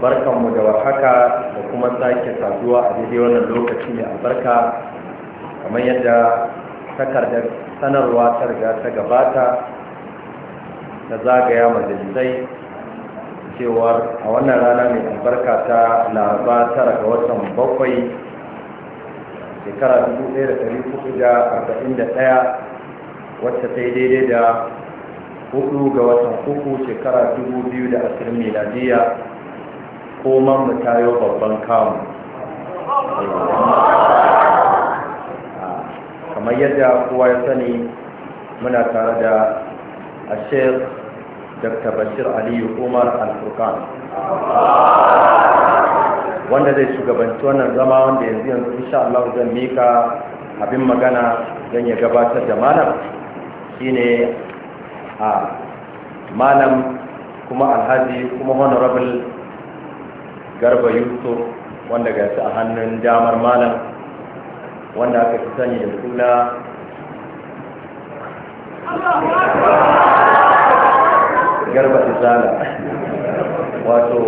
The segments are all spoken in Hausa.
barkan mu da warhaka da kuma sake saduwa a daidai wannan lokaci mai albarka kamar yadda takardar sanarwa ta riga ta gabata ta zagaya majalisai cewar a wannan rana mai albarka ta laraba tara ga watan bakwai shekara 1441 wacce ta yi daidai da hudu ga watan uku shekara 2020 miladiya ko man mutayo babban kamu ah, kamar yadda kowa ya sani muna tare da ashir dr bashir aliyu umar al-furkan wanda zai shugabanci wannan zama wanda yanzu yanzu insha Allah zan mika abin magana zan ya gabatar da malam shine a malam kuma alhaji kuma honorable garba yusuf wanda ga su a hannun damar malam wanda aka fi sani da suna garba isala wato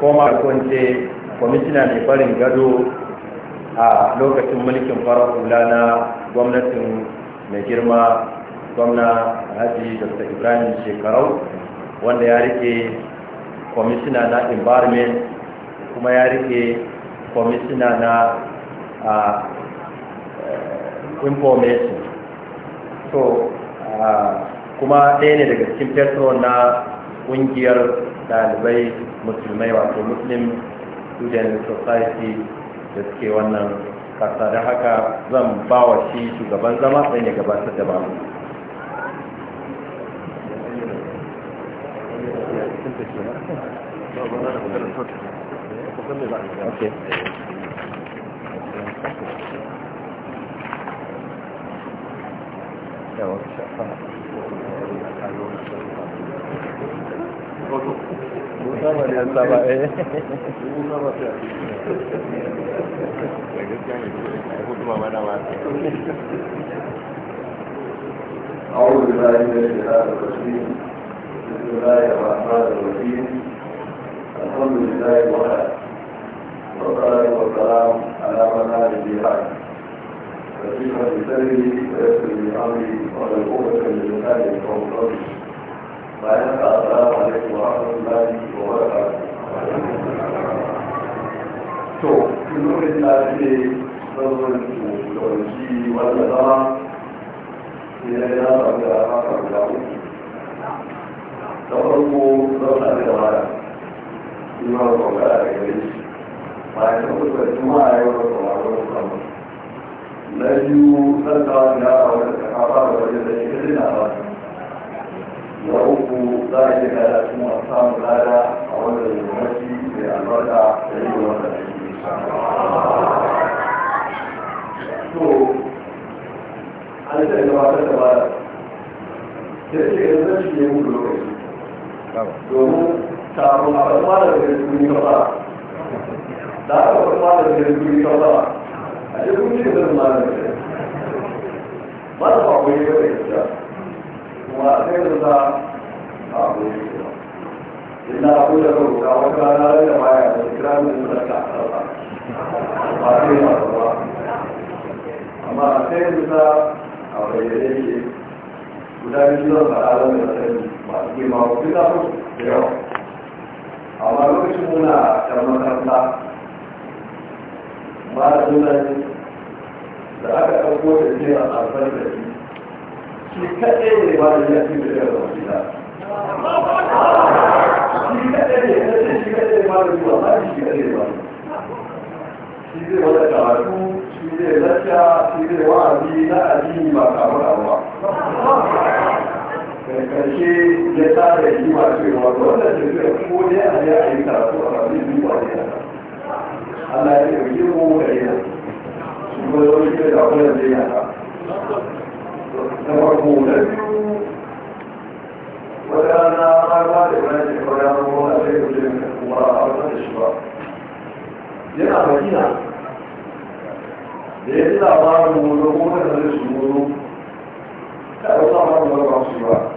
koma kunce kwamishina mai farin gado a lokacin mulkin fara hula na gwamnatin mai girma gwamna haji dr ibrahim shekarau wanda ya rike kwamishina na environment kuma ya rike kwamishina na eh, information so kuma ɗaya ne daga cikin petro na ƙungiyar ɗalibai musulmai wato muslim student society da suke wannan kasa da haka zan ba wa shi shugaban zama ɗan ya gabatar da mu Okay. Musamman ya saba eh. أعوذ بالله من الشيطان الرجيم بسم الله الرحمن الرحيم الحمد لله وحده والصلاة والسلام على من لا نبي بعده فسيحة لسري ويسر لأمري ولا قوة لله فهو قوي ما ينفع السلام عليكم ورحمة الله وبركاته to kuma ita ce sauran tsoronci wanda zama ne na yana samu da haka guda uku farko zauna da wara ima da kwamfara da gare shi bayan da kusa kuma a yau da kwamfara da kwamfara na biyu zan kawo da yara wanda ta kafa da wajen da shi kadai na ba na uku za a yi kada kuma samun lada a wanda da yammaci mai albarka da yi da wanda da shi to an ce gabatar da ba da ke yanzu shi ne mutu lokaci domin taron a kasuwa da daga cikin kasa da aka kasuwa da daga cikin kasa a cikin cikin zan da ke ba da ba yau da ita kuma a sai da za a kuwa yau inda abu da roƙa wata rana da baya da kira mai da ta kasa ba sai ba ba amma a sai da za a bayyane ke guda biyu zan faɗa da mai sani masu girma ko duk zafi da yawa amma lokacin muna ɗan da aka ɗauko da ke a tsarfar da shi shi kaɗai ne ba da yafi da yawa da shi da shi kaɗai ne kaɗai shi kaɗai ba da zuwa ba shi kaɗai ba shi zai wata karatu shi zai lacca shi zai wa'azi na addini ba kamar abuwa karshe ya tsara shi ba su yi wata wannan tafiya ko dai a ya yi karatu a rabin biyu a ne Allah ya ɗauki ko ka yi nan shi ba zo shi da wannan zai yana na farko na biyu wata rana har da wani ce ba ya zama wani sai ku jirin kuma a wata shi ba yana makina da ya ji labarin mu da kuma da su mu da wasu labarin da ba su ba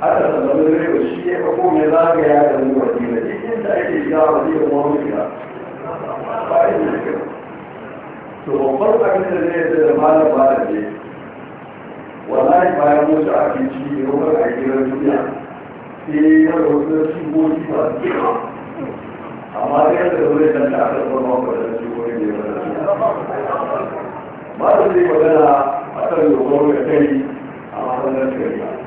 haka sannan da rikin shi ya kako mai zagaya da mu wadina cikin da ake shiga wadina kuma wani gida ba a yi da kyau to babbar abin da zai yi da malam ba da ne wallahi bayan wasu abinci da wani a gidan duniya sai ya wasu shigogi ba su amma da yadda zai dan da aka zama wadda shigogi ne ba da zai magana a kan yawon da kai a matsalar shari'a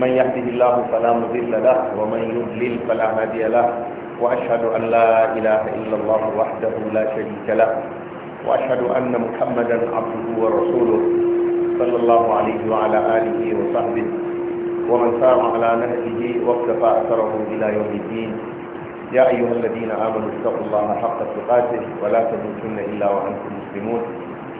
من يهده الله فلا مضل له ومن يضلل فلا هادي له وأشهد أن لا إله إلا الله وحده لا شريك له وأشهد أن محمدا عبده ورسوله صلى الله عليه وعلى آله وصحبه ومن سار على نهجه واقتفى أثره إلى يوم الدين يا أيها الذين آمنوا اتقوا الله حق تقاته ولا تموتن إلا وأنتم مسلمون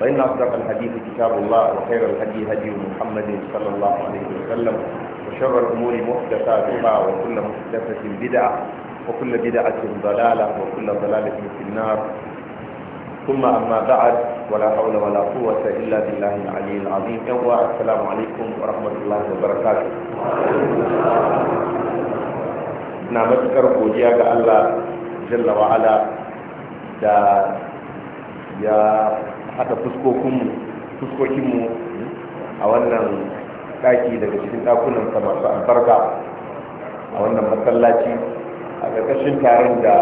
فإن أصدق الحديث كتاب الله وخير الهدي هدي محمد صلى الله عليه وسلم وشر الأمور محدثاتها وكل محدثة بدعة وكل بدعة ضلالة وكل ضلالة في النار ثم أما بعد ولا حول ولا قوة إلا بالله العلي العظيم يوم السلام عليكم ورحمة الله وبركاته na matukar godiya ga جل وعلا wa'ala يا haka fuskokinmu hmm, a wannan daki daga cikin dakunan sa masu albarka a wannan masallaci a ƙarƙashin taron da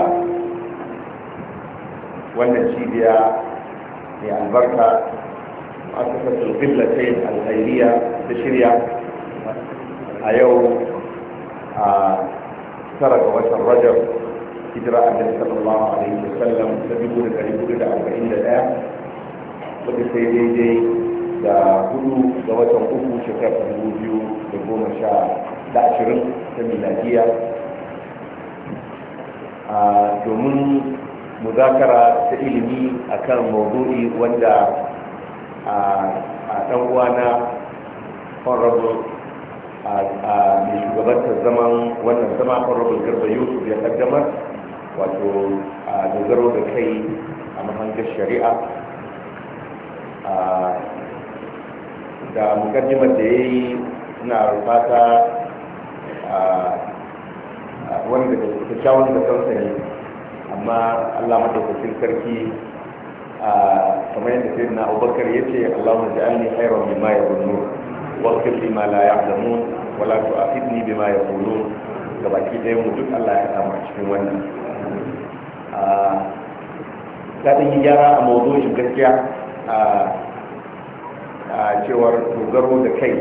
wannan cibiya mai albarka ma'aikatar ƙillatai al'airiya ta shirya a yau a tara ga watan rajar hijira a sallallahu alaihi wasallam ta dubu da ɗari da arba'in da ɗaya wadda sai daidai da hudu ga watan uku shekarar dubu biyu da goma sha da ashirin ta miladiya domin muzakara ta ilimi kan maudu'i wanda a ɗan uwana honorable a mai shugabantar zaman wannan zama honorable garba yusuf ya kaddamar wato a dogaro da kai a mahangar shari'a da mukaddimar da ya yi suna rufata wani daga wani da kansa ne amma allah madaukakin sarki kamar yadda sai na abubakar ya ce allahumma ja'alni khairan mimma yaqulun واغفر لي ما لا يعلمون ولا تؤاخذني بما ga baki ɗaya mu duk Allah ya samu a cikin wannan ta ɗin yi gyara a shi gaskiya a cewar dogaro da kai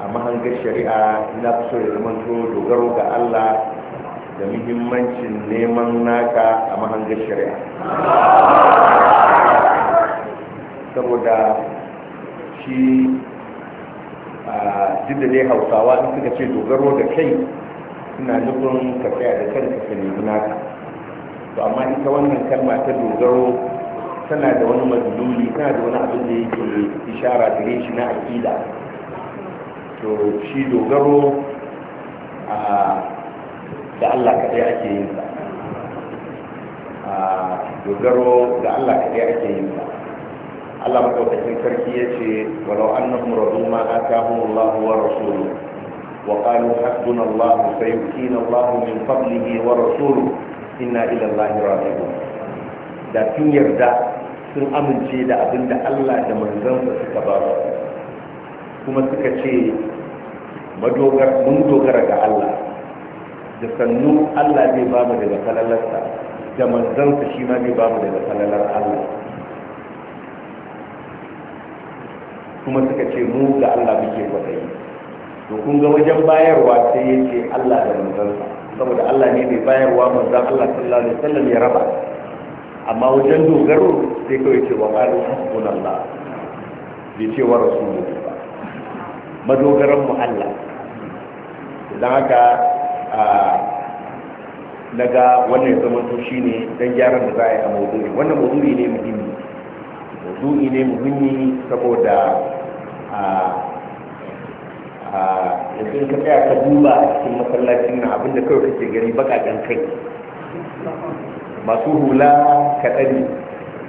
a mahangar shari'a na so ya zamanto dogaro ga allah da muhimmancin neman naka a mahangar shari'a saboda shi a duk da hausawa in suka ce dogaro da kai suna nufin ka tsaya da kanka ka nemi naka to amma ita wannan kalma ta dogaro tana da wani madluli tana da wani abin da yake ishara gare shi na aƙida to shi dogaro a da Allah kaɗai ake yin sa dogaro da Allah kaɗai ake yin sa Allah maɗaukakin sarki ya ce walau annahum radu ma atahum Allah wa rasuluhu wa qalu hasbuna Allah sayu'tina Allah min fadlihi wa rasuluhu inna ila Allah raji'un da sun yarda sun amince da abin da Allah da manzansa suka ba su kuma suka ce madogar mun dogara ga Allah da sannu Allah zai ba mu daga falalarsa da manzansa shi ma zai ba mu daga falalar Allah kuma suka ce mu ga Allah muke kwadayi to kun ga wajen bayarwa sai ya ce Allah da manzansa saboda Allah ne mai bayarwa manzan Allah sallallahu alaihi wasallam ya raba amma wajen dogaro sai kawai ce wa ƙarin hasbun Allah bai ce wa rasulu ba madogaran mu Allah idan haka na ga wannan zaman to shine dan gyaran da za a yi a maudu'i wannan maudu'i ne muhimmi maudu'i ne muhimmi saboda a yanzu ka tsaya ka duba a cikin masallacin nan abinda kawai kake gani bakaƙen kai masu hula kaɗani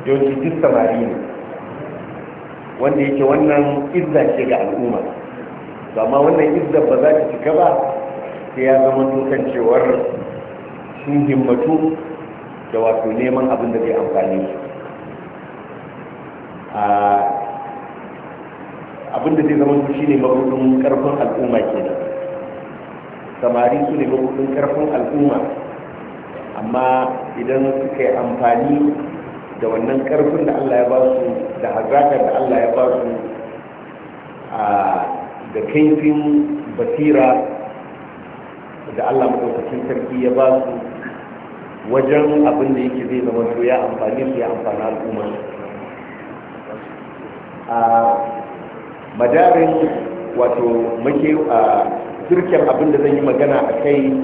yawanci duk samari ne wanda yake wannan izza ce ga al'umma amma wannan izza ba za ta cika ba sai ya zama tukan cewar sun himmatu da wato neman abin da zai amfani abin da zai zama su ne mabudin karfin al'umma kenan samari su ne mabudin karfin al'umma amma idan suka yi amfani da wannan karfin da allah ya ba su da hazakar da allah ya ba su da kaifin basira da allah maɗaukacin sarki ya ba su wajen abin da yake zai zama to ya amfani su ya amfani al'umma a madarin wato make a abin da zan yi magana a kai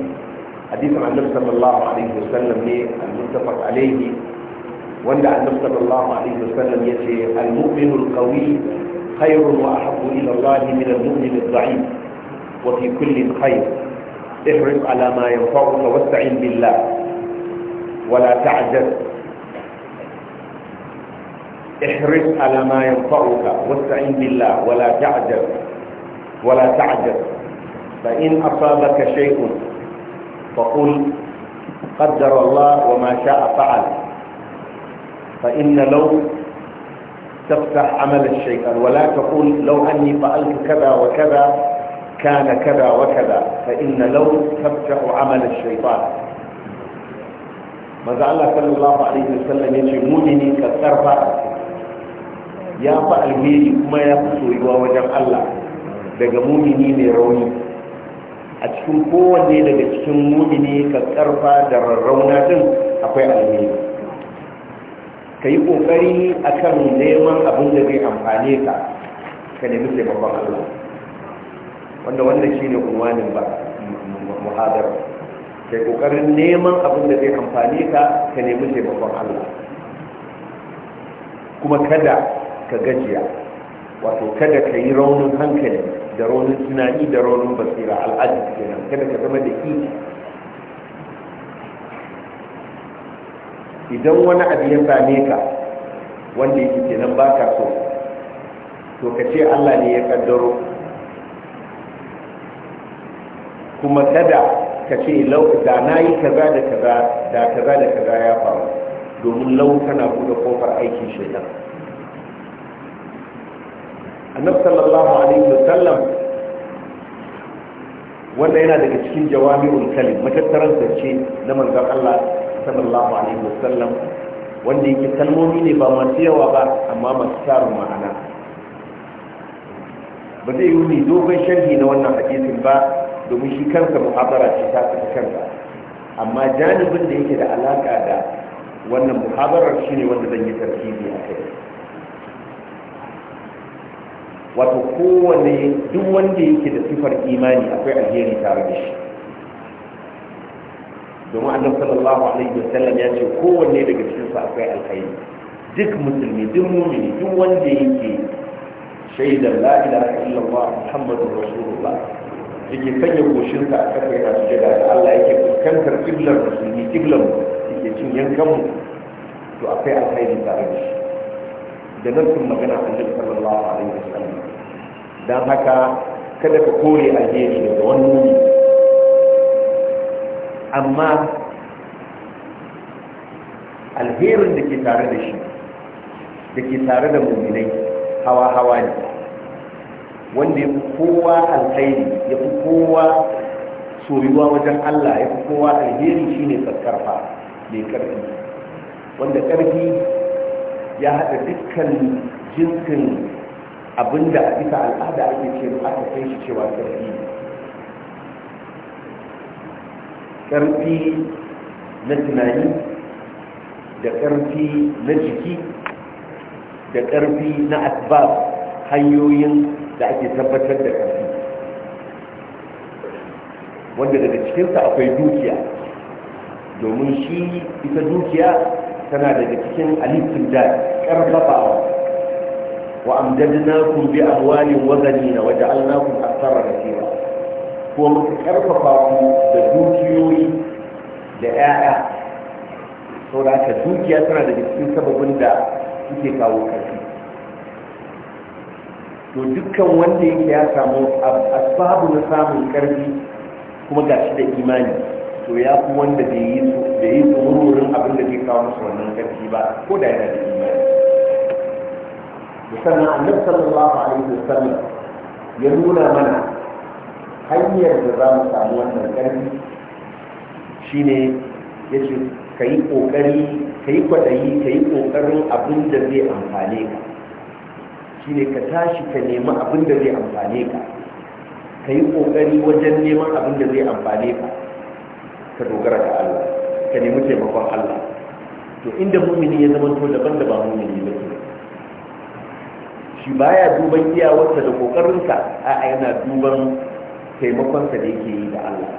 حديث عن النبي صلى الله عليه وسلم المتفق عليه وان النبي صلى الله عليه وسلم يتي المؤمن القوي خير واحب الى الله من المؤمن الضعيف وفي كل خير احرص على ما ينفعك واستعن بالله ولا تعجز احرص على ما ينفعك واستعن بالله ولا تعجز ولا تعجز فإن أصابك شيء فقل قدر الله وما شاء فعل فإن لو تفتح عمل الشيطان ولا تقول لو أني فعلت كذا وكذا كان كذا وكذا فإن لو تفتح عمل الشيطان ماذا الله صلى الله عليه وسلم يجي مدني كالسرفة يا فعل ما يقصوا وجم الله daga mumini mai a cikin kowanne daga cikin mumini ka karfa da rarrauna din akwai alheri ka yi kokari kan neman abin da zai amfane ka ka nemi taimakon Allah wanda shi ne unwanin ba muhadar Ka yi kokarin neman abin da zai amfane ka ka nemi taimakon Allah kuma kada ka gajiya wato kada ka yi raunin hankali da raunin tunani da raunin basira al'adu nan, kada ka zama da kiki idan wani abu ya same ka wanda yake kenan baka so to ka ce Allah ne ya kaddaro kuma kada ka ce da na yi kaza da kaza da kaza da kaza ya faru domin lau tana buɗe kofar aikin shaidan annabi sallallahu alaihi wasallam wanda yana daga cikin jawami'ul kalim matattaran zance na manzon Allah sallallahu alaihi wasallam wanda yake kalmomi ne ba masu yawa ba amma masu tarin ma'ana ba zai yi dogon sharhi na wannan hadisin ba domin shi kansa muhabara ce ta tafi kansa amma janibin da yake da alaka da wannan muhabarar shine wanda zan yi tarkibi a kai wato kowane duk wanda yake da sifar imani akwai alheri tare da shi domin annabi sallallahu alaihi wa sallam ya ce kowanne daga cikin su akwai alheri duk musulmi duk mumini duk wanda yake shaidar la ilaha illallah muhammadur rasulullah yake sanya goshin sa a kafa yana sujada da Allah yake fuskantar kiblar musulmi kiblar yake cin yankan mu to akwai alheri tare da shi da nufin magana annabi sallallahu alaihi wasallam dan haka kada ka kore alheri daga wani wuri amma alherin da ke tare da shi da ke tare da mummunai hawa-hawa ne wanda ya fi kowa alkhairi ya fi kowa soyuwa wajen Allah ya fi kowa alheri shine tsakkarfa mai ƙarfi wanda ƙarfi ya haɗa dukkan jinsin abinda a bisa al'ada ake ce aka kai shi cewa ƙarfi ƙarfi na tunani da ƙarfi na jiki da ƙarfi na asbab hanyoyin da ake tabbatar da ƙarfi wanda daga cikinsa akwai dukiya domin shi ita dukiya tana daga cikin alifin daji karfafawa wa amdadnakum bi amwalin wa banina wa ja'alnakum akthara kathira ko muka karfafa ku da dukiyoyi da 'ya'ya saboda haka dukiya tana da cikin sababin da suke kawo karfi to dukkan wanda yake ya samu asbabu na samun karfi kuma gashi da imani to ya fi wanda bai yi tsoron abin da ke kawo masu wannan karfi ba ko da yana da imani sannan annabi sallallahu alaihi wasallam ya nuna mana hanyar da za mu samu wannan ƙarfi shine ya ce ka yi ƙoƙari ka yi kwaɗayi ka yi ƙoƙarin abin da zai amfane ka shine ka tashi ka nemi abin da zai amfane ka ka yi ƙoƙari wajen neman abin da zai amfane ka ka dogara ga Allah ka nemi taimakon Allah to inda mumini ya zama to daban da ba mumini ba ke shi ba ya duban iyawarsa da kokarinsa a yana duban taimakonsa da yake yi da Allah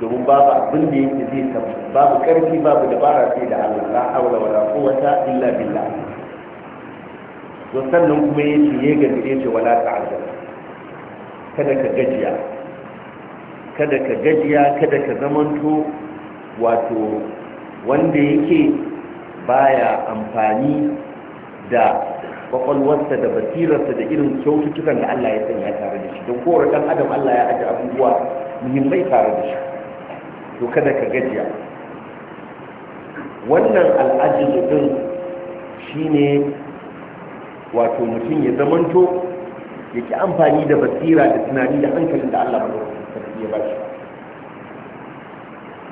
domin babu abin da yake zai samu babu karfi babu dabara sai da Allah la haula wala quwwata illa billah to sannan kuma ce ya gaji ce wala ta'azzab kada ka gajiya kada ka gajiya kada ka zamanto wato wanda yake baya amfani da kwakwalwarsa da basirarsa da irin kyaututtukan da Allah ya sanya tare da shi don kowane ɗan adam Allah ya ajiye abubuwa muhimmai tare da shi to kada ka gajiya wannan al'ajizu din ne wato mutum ya zamanto ya ki amfani da basira da tunani da hankalin da Allah madaukakin ya ba shi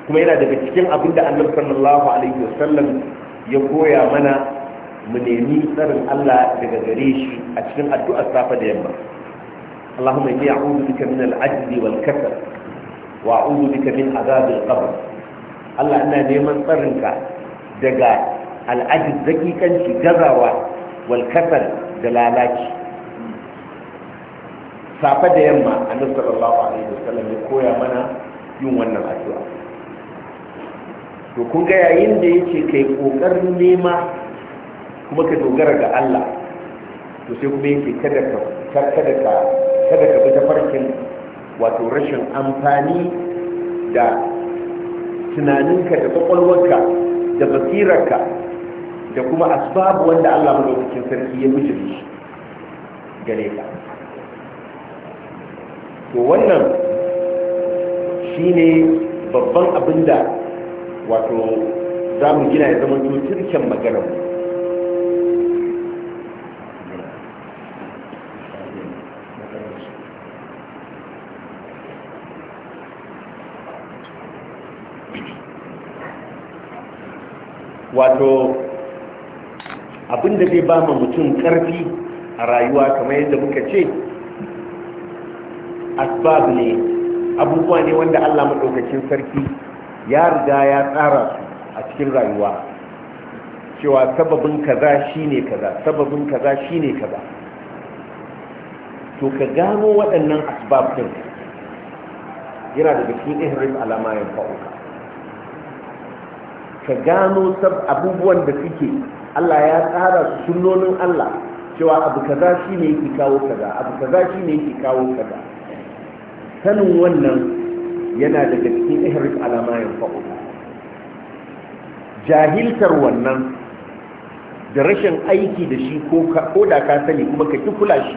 kuma yana daga cikin abin da Allah sallallahu alaihi wasallam ya koya mana mu nemi tsarin Allah daga gare shi a cikin addu'ar safa da yamma Allahumma ya a'udhu bika min al-'ajzi wal kasal wa a'udhu bika min adhab al-qabr Allah ina neman tsarinka daga al-'ajz zakikanci gazawa wal kasal da lalaci safa da yamma annabi sallallahu alaihi wasallam ya koya mana yin wannan addu'a to kun ga yayin da yake kai kokarin nema kuma ka dogara ga Allah to sai kuma yake kada ka kada ka kada ka farkin wato rashin amfani da tunaninka da kwakwalwarka da basirarka da kuma asbabu wanda Allah madaukakin sarki ya miji shi gare ka to wannan shine babban abin da wato za mu gina ya zama tutirken maganar wato abinda zai ba mutum karfi a rayuwa kamar yadda muka ce asbab ne abubuwa ne wanda allah maɗaukacin sarki ya riga ya tsara su a cikin rayuwa cewa sababin kaza shine kaza sababin kaza shine kaza to ka gano waɗannan asbab ɗin yana daga cikin ihrim alama yin fa'uka ka gano sab abubuwan da suke Allah ya tsara sunnonin Allah cewa abu kaza shine yake kawo kaza abu kaza shine yake kawo kaza sanin wannan yana daga cikin ihrif alama ya fa'u jahiltar wannan da rashin aiki da shi ko da ka sani kuma ka ki kula shi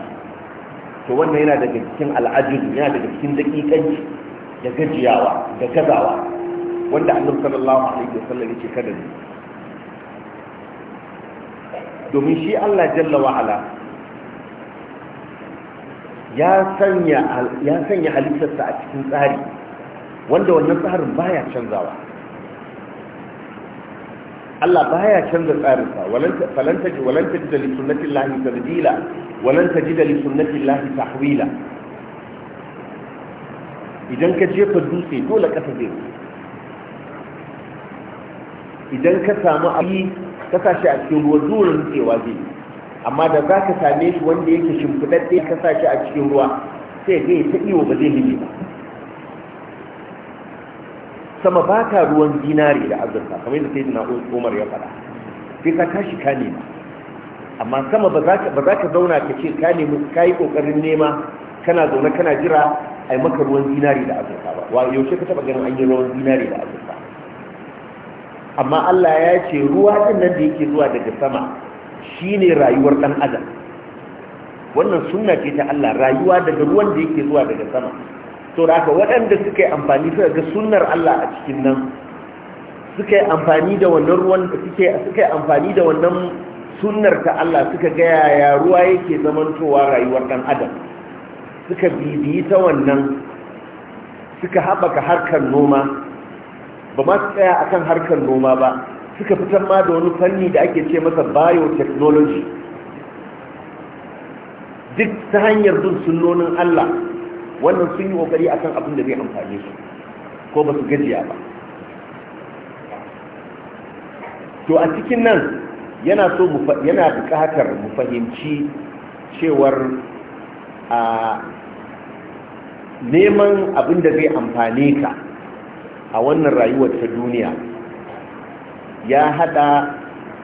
to wannan yana daga cikin al'ajin yana daga cikin dakikanci da gajiyawa da gazawa wanda annabi sallallahu alaihi wasallam yake kada ni domin shi Allah jalla wa ala ya sanya ya sanya halittarsa a cikin tsari wanda wannan tsarin baya canzawa Allah baya canza tsarinsa walan taji ji taji da sunnati Allah tabdila walan ji da sunnati Allah tahwila idan ka jefa dutse dole kasa zai idan ka samu a ka sa shi a cikin ruwa zuwa nutsewa zai amma da za ka same shi wanda yake shimfidadde ka sa shi a cikin ruwa sai zai ta iyo ba zai hije ba sama ba ka ruwan zinare da azurfa kamar yadda sai na umar ya faɗa sai ka tashi ka nema amma sama ba za ka zauna ka ce ka nemi ka yi ƙoƙarin nema kana zaune kana jira a yi maka ruwan zinare da azurfa ba wa yaushe ka taɓa ganin an yi ruwan zinare da azurfa amma Allah ya ce ruwa din nan da yake zuwa daga sama shine rayuwar dan adam wannan sunna ce ta Allah rayuwa daga ruwan da yake zuwa daga sama to da haka waɗanda suka yi amfani suka ga sunnar Allah a cikin nan suka yi amfani da wannan ruwan suke suka yi amfani da wannan sunnar ta Allah suka ga yaya ruwa yake zamantowa rayuwar dan adam suka bibiyi ta wannan suka haɓaka harkar noma ba ma su tsaya akan harkar noma ba suka fitar ma da wani fanni da ake ce masa biotechnology duk ta hanyar bin sunnonin Allah wannan sun yi kokari akan abin da zai amfane su ko ba su gajiya ba to a cikin nan yana so yana bukatar mu fahimci cewar a neman abin da zai amfane ka a wannan rayuwar ta duniya ya hada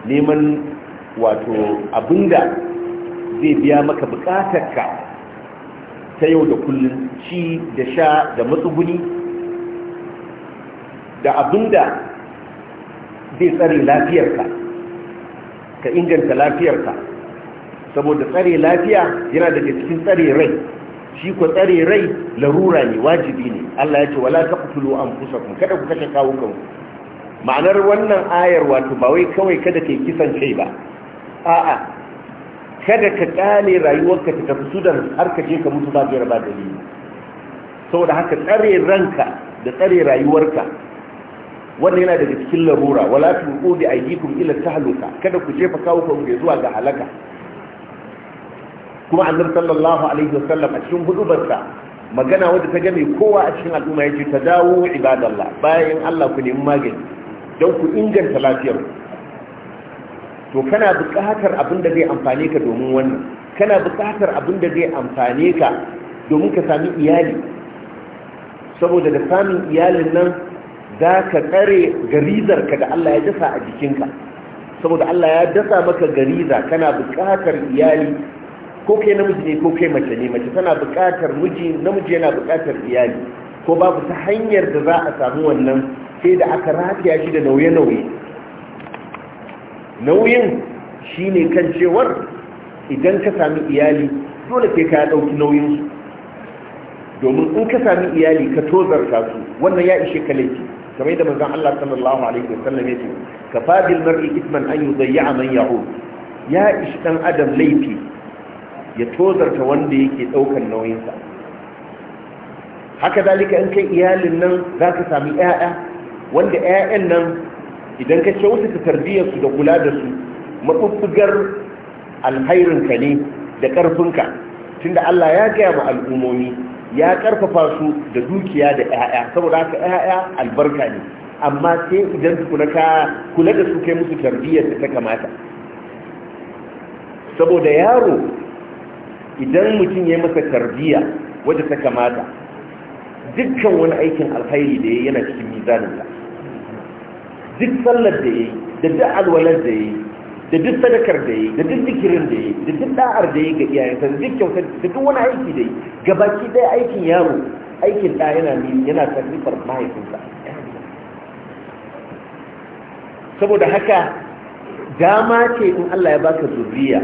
neman wato abinda zai biya maka ka ta yau da kullum ci da sha da matsuguni da abinda zai tsare lafiyarka ka inganta lafiyarka saboda tsare lafiya yana daga cikin tsare rai shi ku tsare rai larura ne wajibi ne Allah ya ce wala taqtulu anfusakum kada ku kashe kawukan ma'anar wannan ayar wato ba wai kawai kada kai kisan kai ba a'a kada ka kale rayuwarka ta tafi su da har ka je ka mutu ba biyar ba dalili saboda haka tsare ranka da tsare rayuwarka wannan yana daga cikin larura wala tuqu bi aydikum ila tahluka kada ku jefa kawukan ku zuwa ga halaka kuma annabi sallallahu alaihi wasallam a cikin hudubarsa magana wadda ta game kowa a cikin al'umma ya ce ta dawo ibadallah bayan Allah ku nemi magani don ku inganta lafiyar to kana buƙatar abin da zai amfane ka domin wannan kana buƙatar abin da zai amfane ka domin ka sami iyali saboda da samun iyalin nan za ka garizar ka da Allah ya dasa a jikinka saboda Allah ya dasa maka gariza kana buƙatar iyali ko kai namiji ne ko kai mace ne mace tana buƙatar miji namiji yana buƙatar iyali ko babu ta hanyar da za a samu wannan sai da aka rafiya shi da nauye-nauye nauyin shi ne kan cewar idan ka sami iyali dole sai ka ɗauki nauyin su domin in ka sami iyali ka tozarta su wannan ya ishe ka laifi kamar yadda manzon Allah sallallahu alaihi wa wasallam yake ka fadil mar'i isman an yudayya man ya'ud ya ishe dan adam laifi ya tozarta wanda yake ɗaukan nauyinsa haka dalika in kai iyalin nan za ka sami 'ya'ya wanda 'ya'yan nan idan ka kyautata tarbiyyarsu da kula da su alhairin alhairinka ne da ƙarfinka tunda Allah ya gaya ma al'ummomi ya ƙarfafa su da dukiya da 'ya'ya saboda haka 'ya'ya albarka ne amma sai idan tukuna ka kula da su kai musu tarbiyyar da ta kamata saboda yaro idan mutum ya masa tarbiyya wadda ta kamata dukkan wani aikin alkhairi da ya yana cikin mizaninsa duk sallar da ya yi da duk alwalar da ya yi da duk sadakar da ya yi da duk zikirin da ya yi da duk da'ar da ya yi ga iyayensa da duk kyautar da duk wani aiki da ya yi gabaki ɗaya aikin yaro aikin ɗa yana yana tarifar mahaifinsa saboda haka dama ce in Allah ya baka zuriya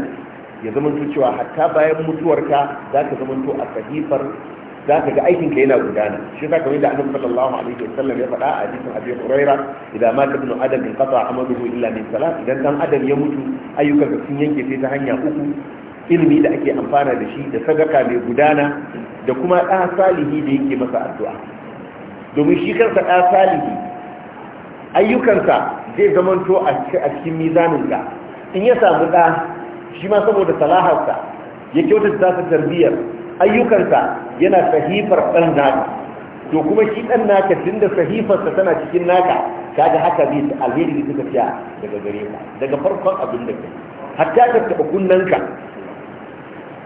ya zamanto cewa hatta bayan mutuwarka za ka zamanto a sahifar za ka ga aikinka yana gudana shi ka kamar da annabi sallallahu alaihi wasallam ya faɗa a hadisin abi huraira idan ma ibnu adam in qata amaluhu illa min salat idan dan adam ya mutu ayyukan sun yanke sai ta hanya uku ilimi da ake amfana da shi da sadaka mai gudana da kuma ɗa salihi da yake masa addu'a domin shi kansa ɗa salihi ayyukansa zai zamanto a cikin mizaninka in ya samu ɗa shi ma saboda salaharsa ya kyautata ta tarbiyyar ayyukansa yana sahifar ɗan naka to kuma shi ɗan naka tun da sahifarsa tana cikin naka kaga haka zai ta alheri da suka fiya daga gare ka daga farkon abin da kai hatta ka taɓa kunnanka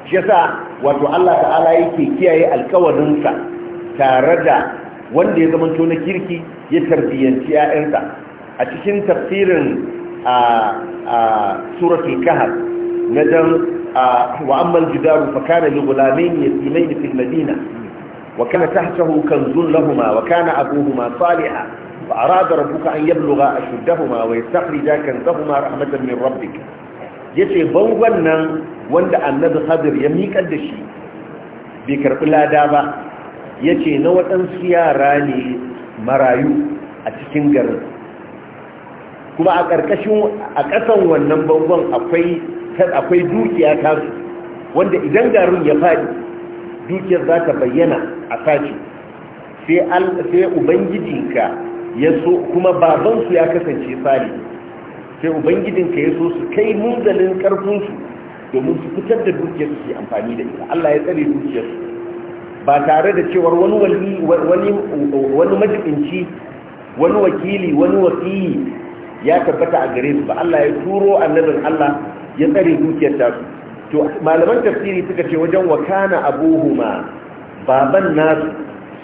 shi yasa wato Allah ta'ala yake kiyaye alkawarinsa tare da wanda ya zama na kirki ya tarbiyyanci 'ya'yansa a cikin tafsirin a suratul kahf na dan wa ammal jidaru fa kana li gulamain yatimain fi madina wa kana tahtahu kanzun lahumā wa kana abūhumā ṣāliḥan fa arāda rabbuka an yablughā ashuddahumā wa yastakhrija kanzahumā raḥmatan min Ya yace bangon nan wanda annabi Khadir ya miƙar da shi bai karɓi lada ba yace na waɗansu yara ne marayu a cikin garin kuma a ƙarƙashin a ƙasan wannan bangon akwai akwai dukiya ta su wanda idan garin ya faɗi dukiyar za ta bayyana a sace sai ubangijinka ya so kuma babansu ya kasance sali sai ubangijinka ya so su kai munzalin karfinsu domin su fitar da dukiyar su amfani da ita Allah ya tsare dukiyar ba tare da cewar wani wali wani wani majibinci wani wakili wani wakili ya tabbata a gare su ba Allah ya turo annabin Allah ya tsare dukiyar tasu to malaman tafsiri suka ce wajen wakana abuhuma baban nasu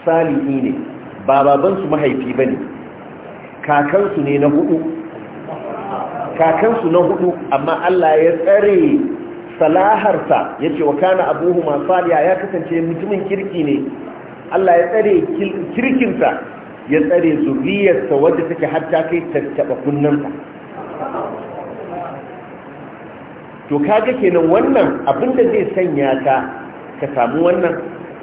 salihi ne ba baban su mahaifi bane ne su ne na hudu su na hudu amma Allah ya tsare salaharsa ya ce wa kana abuhuma saliha ya kasance mutumin kirki ne Allah ya tsare kirkin sa ya tsare zuriyarsa wadda take ta kai tattaba kunnansa to kaga kenan wannan abin da zai sanya ka ka samu wannan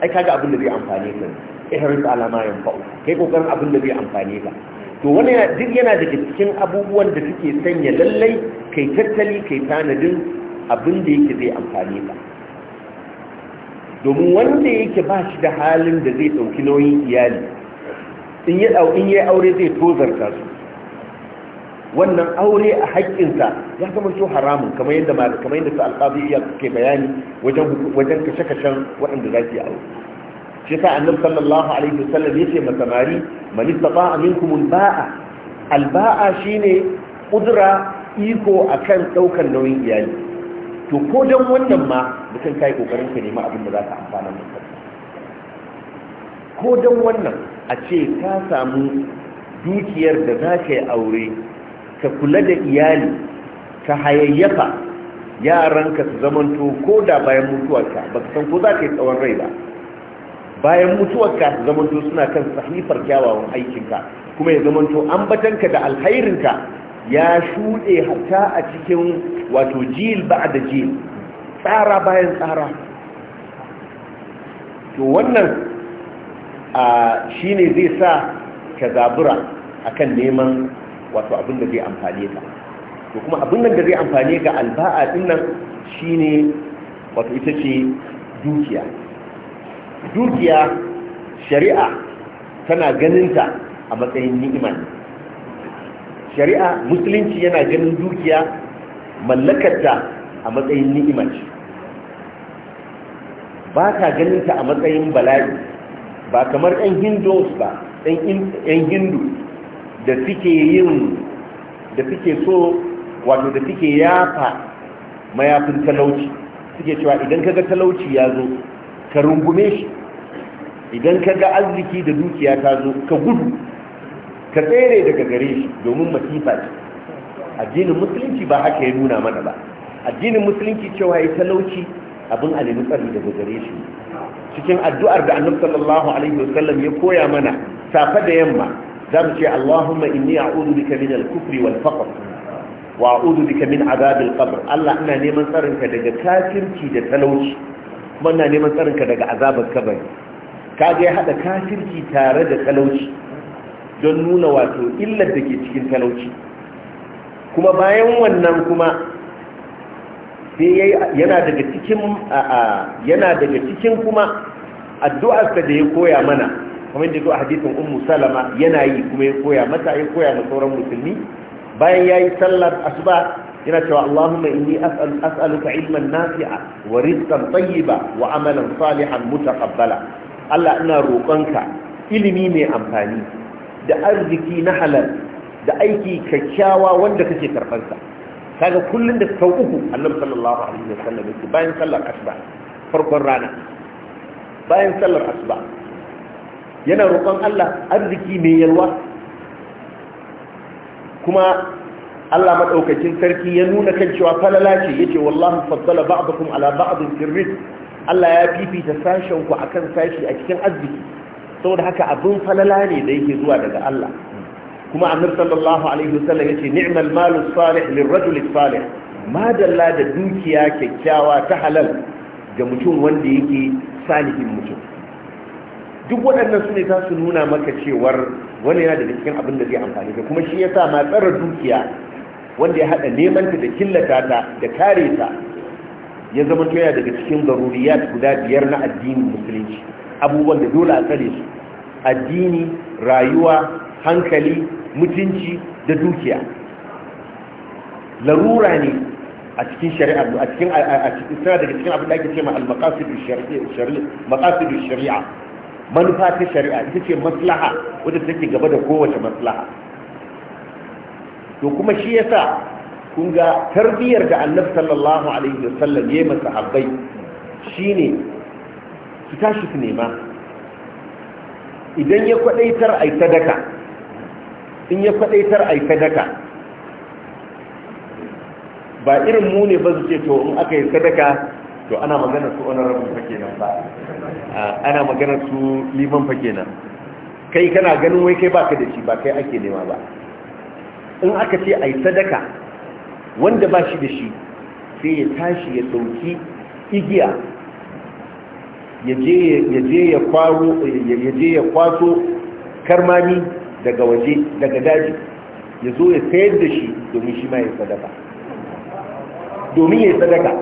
ai kaga abin da zai amfane ka ihris alama ya fa'u kai kokarin abin da zai amfane ka to wani duk yana daga cikin abubuwan da suke sanya lallai kai tattali kai tanadin abin da yake zai amfane ka domin wanda yake ba shi da halin da zai ɗauki nauyin iyali in ya aure zai tozarta su wannan aure a haƙƙinsa ya zama so haramun kamar yadda kamar yadda su alƙazi iya ke bayani wajen wajen kashe-kashen waɗanda za su yi aure shi yasa annabi sallallahu alaihi wasallam yace ma samari man istata'a minkum baa al-ba'a shine kudura iko akan ɗaukar nauyin iyali to ko dan wannan ma mutum kai kokarin ka nema abin da za ka amfana da ko dan wannan a ce ta samu dukiyar da za ka yi aure ka kula da iyali ta hayayyafa yaranka su zamanto ko da bayan mutuwarka ba san ko za ka yi tsawon rai ba bayan mutuwarka su zamanto suna kan sahifar kyawawan aikinka kuma ya zamanto ambatanka da alhairinka ya shuɗe hatta a cikin wato jil ba da jil tsara bayan tsara to wannan shi ne zai sa ka zabura akan neman wato abin da zai amfane ka to kuma abin da zai amfane ga alba'a din nan shine wato ita ce dukiya dukiya shari'a tana ganinta a matsayin ni'ima shari'a musulunci yana ganin dukiya mallakarta a matsayin ni'ima ba ka ganinta a matsayin bala'i ba kamar 'yan hindus ba 'yan hindu da suke yin da suke so wato da suke yafa mayafin talauci suke cewa idan kaga talauci ya zo ka rungume shi idan kaga arziki da dukiya ta zo ka gudu ka tsere daga gare shi domin masifa ce addinin musulunci ba haka ya nuna mana ba addinin musulunci cewa ya talauci abin a tsari daga gare shi cikin addu'ar da annabi sallallahu alaihi wasallam ya koya mana safa da yamma za mu ce Allahumma inni a'udhu bika min al-kufri wal faqr wa a'udhu bika min adhab al-qabr Allah ina neman tsarin ka daga kafirci da talauci kuma ina neman tsarin ka daga azabar kabari kaga ya hada kafirci tare da talauci don nuna wato illar da ke cikin talauci kuma bayan wannan kuma sai yana daga cikin yana daga cikin kuma addu'arsa da ya koya mana kuma da zo a hadisin ummu salama yana yi kuma ya koya mata ya koya ma sauran musulmi bayan yayi sallar asuba yana cewa Allahumma inni as'aluka ilman nafi'a wa rizqan tayyiba wa amalan salihan mutaqabbala Allah ina roƙonka ilimi mai amfani da arziki na halal da aiki kyakkyawa wanda kake karɓar sa kaga kullun da sau uku Allah sallallahu alaihi wasallam bayan sallar asuba farkon rana bayan sallar asuba yana roƙon Allah arziki mai yalwa kuma Allah maɗaukacin sarki ya nuna kan cewa falala ce yace wallahu faddala ba'dakum ala ba'din sirrin Allah ya fifita sashen ku akan sashi a cikin arziki saboda haka abin falala ne da yake zuwa daga Allah kuma annabi sallallahu alaihi wasallam yace ni'mal malus salih lirrajul salih ma dalla da dukiya kyakkyawa ta halal ga mutum wanda yake salihin mutum duk waɗannan su ne za su nuna maka cewar wani yana da cikin abin da zai amfani da kuma shi ya sa ma dukiya wanda ya haɗa neman ta da killata ta da kare ta ya zama to yana daga cikin garuriyat guda biyar na addinin musulunci abubuwan da dole a tsare su addini rayuwa hankali mutunci da dukiya larura ne a cikin shari'a a cikin a cikin daga cikin abin da ake cewa al-maqasid shari'a manufa ta shari'a ita ce maslaha wadda take gaba da kowace maslaha to kuma shi yasa kun ga tarbiyyar da annabi sallallahu alaihi wasallam ya masa habbai shine su tashi su nema idan ya kwadaitar ai sadaka in ya kwadaitar ai sadaka ba irin mu ne ba su ce to in aka yi sadaka to ana magana su honorable fa kenan ba ana magana su liman fa kenan kai kana ganin wai kai baka da shi ba kai ake nema ba in aka ce ai sadaka wanda ba shi da shi sai ya tashi ya dauki igiya ya je ya kwaro ya je ya kwaso karmami daga waje daga daji ya zo ya sayar da shi domin shi ma ya sadaka domin ya sadaka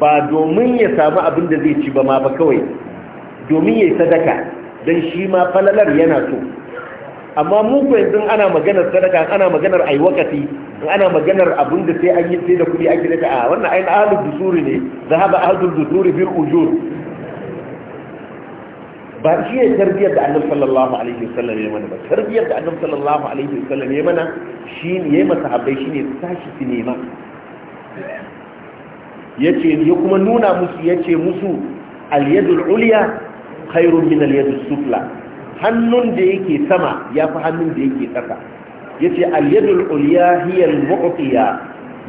ba domin ya samu abin da zai ci ba ma ba kawai domin ya yi sadaka don shi ma falalar yana so amma muku ko yanzu ana maganar sadaka ana maganar aiwakati ana maganar abin da sai an yi sai da kuɗi ake daga a wannan ayin ahlul dusuri ne zahaba ahlul dusuri bil ujur ba shi ne tarbiyyar da annabi sallallahu alaihi wasallam ya mana ba tarbiyyar da annabi sallallahu alaihi wasallam ya mana shi ne ya yi masa abai, shi ne tashi nema. Ya yace ya kuma nuna musu ya ce musu al-yadul ulya khairun min al sufla hannun da yake sama ya yafi hannun da yake ƙasa Ya ce, yadul ulya hiya al-mu'tiya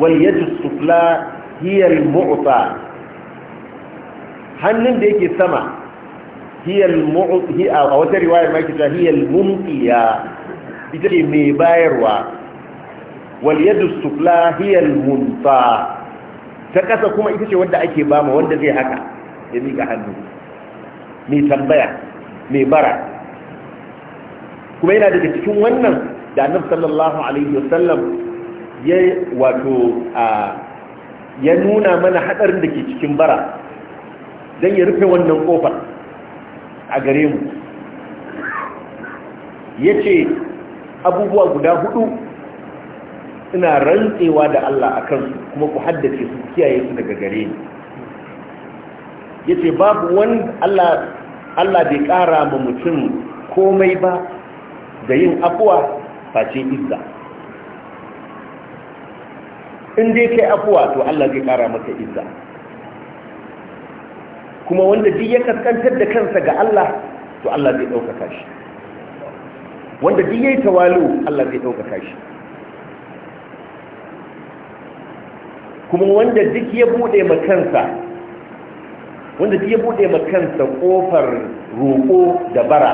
wal yadus sufla hiya al hannun da yake sama hiya al a wata riwaya ma kita hiya al-mumtiya ita ce mai bayarwa wal yadus sufla hiya al-munta ta ƙasa kuma ita ce wadda ake bama wanda zai haka ya miƙa hannu mai tambaya mai bara kuma yana daga cikin wannan da annabi sallallahu alaihi wasallam ya wato a ya nuna mana hadarin da ke cikin bara don ya rufe wannan kofar a gare mu ya ce abubuwa guda hudu Suna rantsewa da Allah a kansu kuma ku haddace su kiyaye su daga gare ni Ya ce babu wani Allah bai ƙara ma mutum komai ba da yin afuwa face izza in dai kai afuwa to Allah zai ƙara maka izza kuma wanda duk ya kaskantar da kansa ga Allah to Allah zai ɗaukaka shi wanda duk yi tawalu Allah zai ɗaukaka shi kuma wanda duk ya bude ma kansa wanda duk ya bude ma kansa kofar roƙo da bara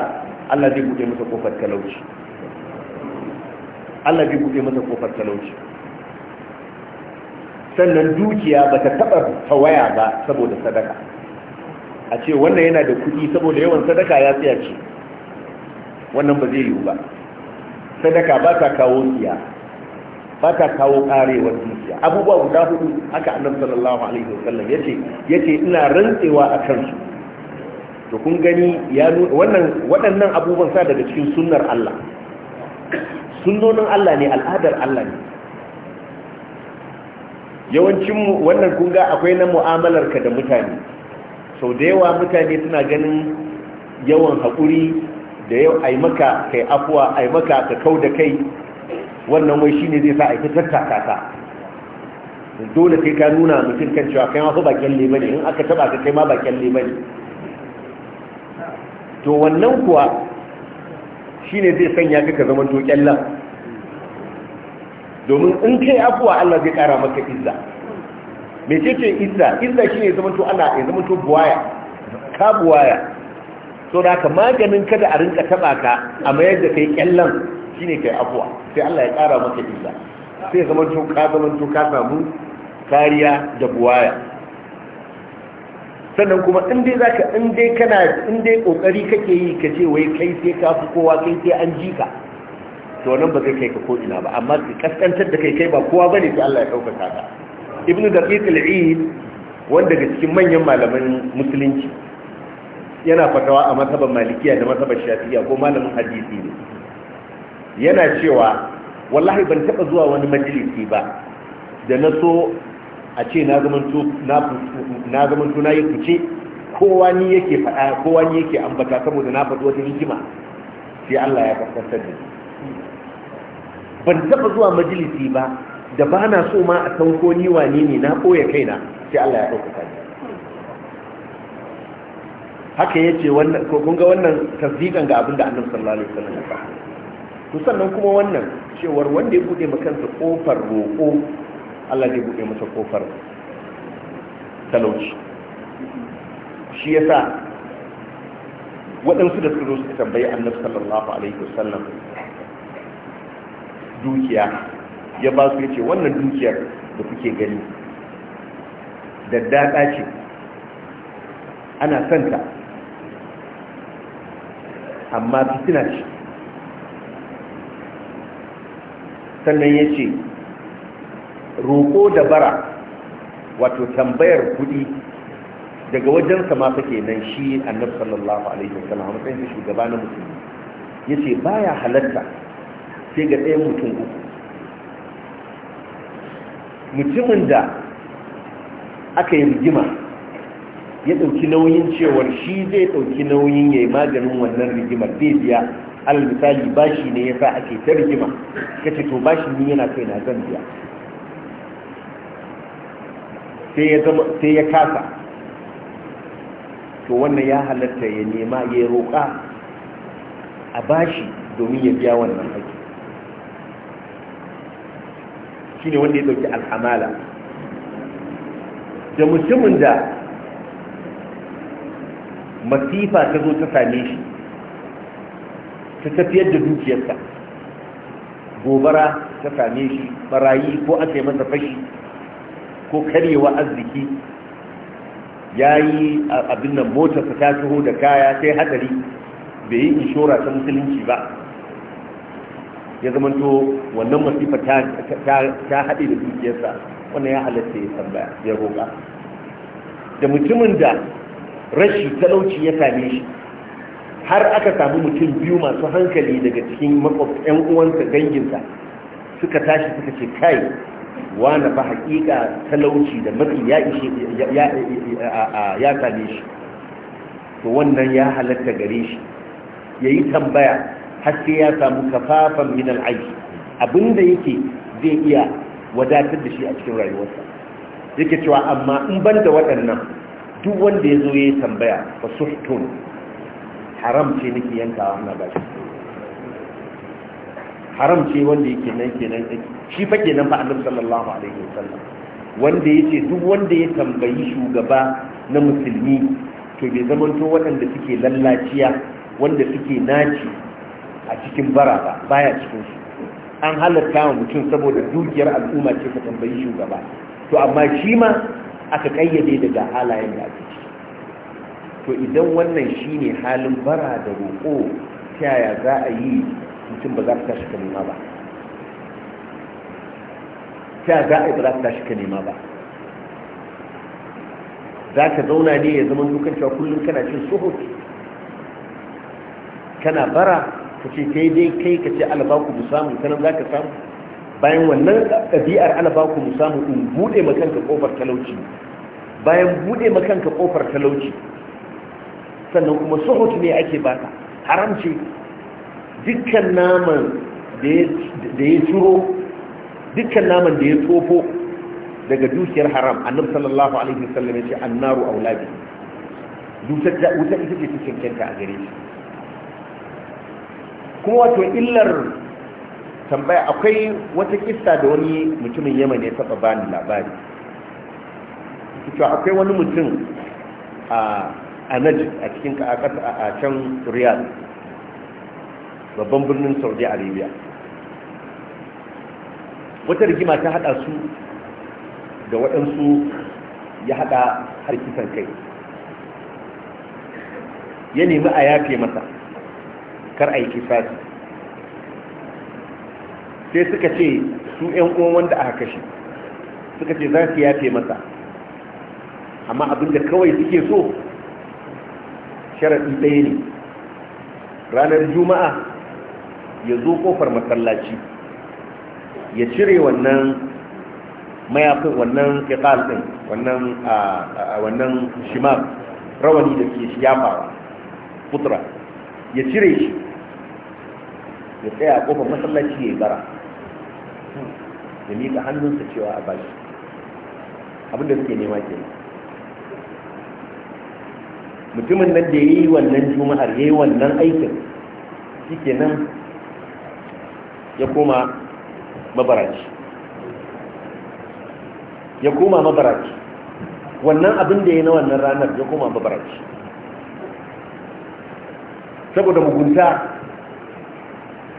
Allah zai bude masa kofar talauci Allah zai bude masa kofar talauci sannan dukiya ba ta taɓa tawaya ba saboda sadaka a ce wannan yana da kuɗi saboda yawan sadaka ya tsaya ce wannan ba zai yiwu ba sadaka ba ta kawo siya ba ta kawo karewar dukiya abubuwa guda hudu haka annabi sallallahu alaihi wasallam yace yace ina rantsewa a kansu to kun gani ya wannan waɗannan abubuwan sa daga cikin sunnar Allah sunnonin Allah ne al'adar Allah ne yawancin wannan kun ga akwai na mu'amalar ka da mutane sau da yawa mutane suna ganin yawan haƙuri da yau ai maka kai afuwa ai maka ka kau da kai wannan wai shi ne zai sa aiki ita tattaka ta dole sai ka nuna mutum kan cewa kai ma bakin leba ne in aka taba ka kai ma bakin leba ne to wannan kuwa shi ne zai sanya ka ka zama to lan domin in kai afuwa Allah zai kara maka izza ce izza izza ne zama to ana ya zama to buwaya ka buwaya so da ka maganin kada a rinka taba ka a mayar da kai kyallan shine kai afuwa sai Allah ya kara maka isa sai zaman to ka zaman ka samu kariya da buwaya sannan kuma in dai zaka in dai kana in dai kokari kake yi ka ce wai kai sai ka fi kowa kai sai an ji ka to wannan ba zai kai ka ko ina ba amma ka kaskantar da kai kai ba kowa bane sai Allah ya dauka ka ibnu daqiq al-eid wanda daga cikin manyan malaman musulunci yana fatawa a matsabar malikiya da matsabar shafiya ko malamin hadisi ne yana cewa wallahi ban taɓa zuwa wani majalisi ba da na so a ce na zamanto na yi fice kowa ni yake faɗa kowa ni yake ambata saboda na faɗi wata hikima sai Allah ya kaskantar da ban taɓa zuwa majalisi ba da ba na so ma a san ni wane ne na ɓoye kaina sai Allah ya ɗaukaka ni haka yace wannan ko kun ga wannan tasdiqan ga abinda Annabi sallallahu alaihi wasallam ya faɗa to sannan kuma wannan cewar wanda ya buɗe kansa kofar roƙo Allah zai buɗe masa kofar talauci shi ya sa waɗansu da suka zo suka tambayi annabi sallallahu alaihi wasallam dukiya ya ba su yace wannan dukiyar da kuke gani Da daɗa ce ana santa amma fitina ce sannan ya ce roƙo da bara wato tambayar kuɗi daga wajensa ma take nan shi annab sallallahu alaihi wasallam a matsayin shugaba na musulmi ya ce baya halatta sai ga ɗayan mutum uku mutumin da aka yi rigima ya ɗauki nauyin cewar shi zai ɗauki nauyin ya yi maganin wannan rigimar zai biya alal misali bashi ne yasa ake ta rigima kace to bashi ni yana kai na zan biya sai ya sai ya kasa to wannan ya halatta ya nema ya roƙa a bashi domin ya biya wannan Shi shine wanda ya ɗauki al'amala. da mutumin da masifa ta zo ta same shi ta tafiyar da dukiyarsa gobara ta same shi barayi ko aka yi masa fashi ko karyewa arziki ya yi abin nan motarsa ta taho da kaya sai hadari bai yi inshora ta musulunci ba ya to wannan masifa ta haɗe da dukiyarsa wannan ya halatta ya tambaya ya roƙa da mutumin da rashi talauci ya same shi har aka samu mutum biyu masu hankali daga cikin makwabtan uwansa danginsa suka tashi suka ce kai wani ba haƙiƙa talauci da matsi ya ishe ya same shi to wannan ya halatta gare shi ya yi tambaya haske ya samu kafafan min al'aiki abinda yake zai iya wadatar da shi a cikin rayuwarsa yake cewa amma in ban da waɗannan duk wanda ya zo ya yi tambaya ba suhtun haram ce nake yankawa ina ba haram ce wanda yake nan kenan shi fa kenan fa annabi sallallahu alaihi wasallam wanda yace duk wanda ya tambayi shugaba na musulmi to bai to waɗanda suke lallaciya wanda suke naci a cikin bara ba baya cikin su an halatta wa mutum saboda dukiyar al'umma ce ka tambayi shugaba to amma shi ma aka kayyade daga halayen da ake ciki to idan wannan shine halin bara da roƙo ta yaya za a yi mutum ba za ka tashi ka nema ba ta za a yi ba za ka tashi ka nema ba za ka zauna ne ya zama dukan cewa kullum kana cin suhu? kana bara ka ce sai dai kai ka ce alabaku mu samu sanan za ka samu bayan wannan ɗabi'ar alabaku mu samu in buɗe makanka ƙofar talauci bayan buɗe makanka ƙofar talauci sannan kuma suhut ne ake bata haramci dukkan naman da ya turo dukkan naman da ya tsofo daga dukiyar haram annabi sallallahu alaihi wasallam ce annaru auladi dukkan da wuta ita ce cikin kenta a gare shi kuma wato illar tambaya akwai wata kissa da wani mutumin yaman ya taba bani labari cewa akwai wani mutum a a najib a cikin a can riyadh babban birnin saudi arabia wata rigima ta hada su da waɗansu ya hada har kisan kai ya nemi a yafe masa kar a yi kisasi sai suka ce su 'yan uwan wanda aka kashe suka ce za su yafe masa amma abinda kawai suke so sharaɗi ɗaya ne ranar juma'a ya zo ƙofar masallaci ya cire wannan mayafin wannan ƙiƙal ɗin wannan shimar rawani da ke yafawa kutura ya cire shi ya tsaya a ƙofar masallaci ya yi bara ya miƙa hannunsa cewa a bashi abinda suke nema ke kenan mutumin nan da yi wannan juma'ar yi wannan aikin nan ya koma mabaraci ya koma mabaraci wannan abin da ya na wannan ranar ya koma mabaraci saboda mugunta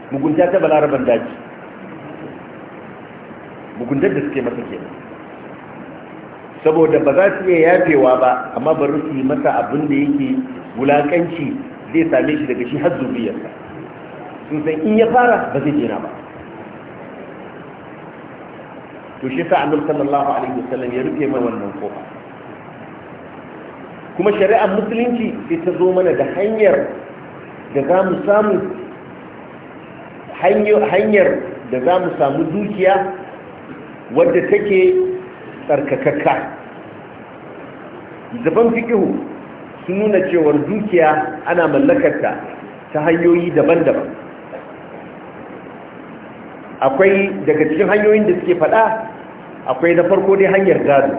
mugunta ta balaraban daji muguntar da suke masa kenan saboda ba za su iya yafewa ba amma bari su yi masa abin da yake wulakanci zai same shi daga shi har zuriyarsa sun san in ya fara ba zai jira ba to shi sa annabi sallallahu alaihi wasallam ya rufe mai wannan kofa kuma shari'ar musulunci sai ta zo mana da hanyar da za mu samu hanyar da za mu samu dukiya wadda take tsarkakakka zaban fikihu sun nuna cewar dukiya ana mallakarta ta hanyoyi daban-daban akwai daga cikin hanyoyin da suke fada akwai na farko dai hanyar gado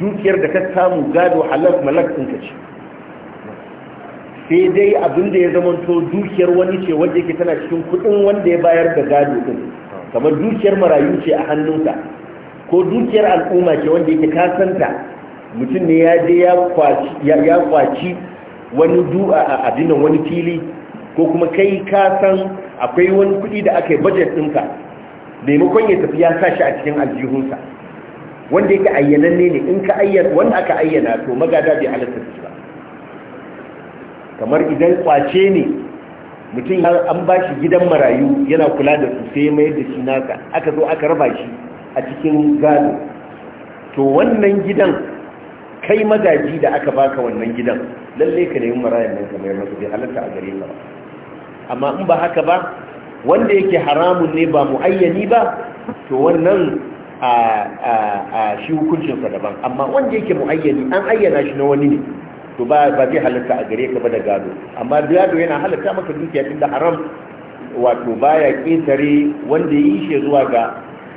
dukiyar da ka samu gado halal malak ɗinka ce sai dai abin da ya to dukiyar wani ce wanda yake tana cikin kudin wanda ya bayar da gado din kamar dukiyar marayu ce a hannunka ko dukiyar al'umma ce wanda yake kasanta mutum ne ya je ya kwaci wani du'a a abinan wani fili ko kuma kai kasan akwai wani kudi da aka yi budget ɗinka maimakon ya tafi ya sa shi a cikin aljihunsa wanda yake ayyana ne ne in ka ayyana wanda aka ayyana to magada bai halatta shi ba kamar idan kwace ne mutum an ba shi gidan marayu yana kula da su sai mayar da shi naka aka zo aka raba shi a cikin gado to wannan gidan kai magaji da aka baka wannan gidan lalle ka nemi marayan nan kamar masu bai halatta a gare ka amma in ba haka ba wanda yake haramun ne ba muayyani ba to wannan a shi hukuncin sa daban amma wanda yake muayyani an ayyana shi na wani ne to ba zai halatta a gare ka ba da gado amma gado yana halatta maka dukiya tun da haram wato baya ketare wanda ya yi shi zuwa ga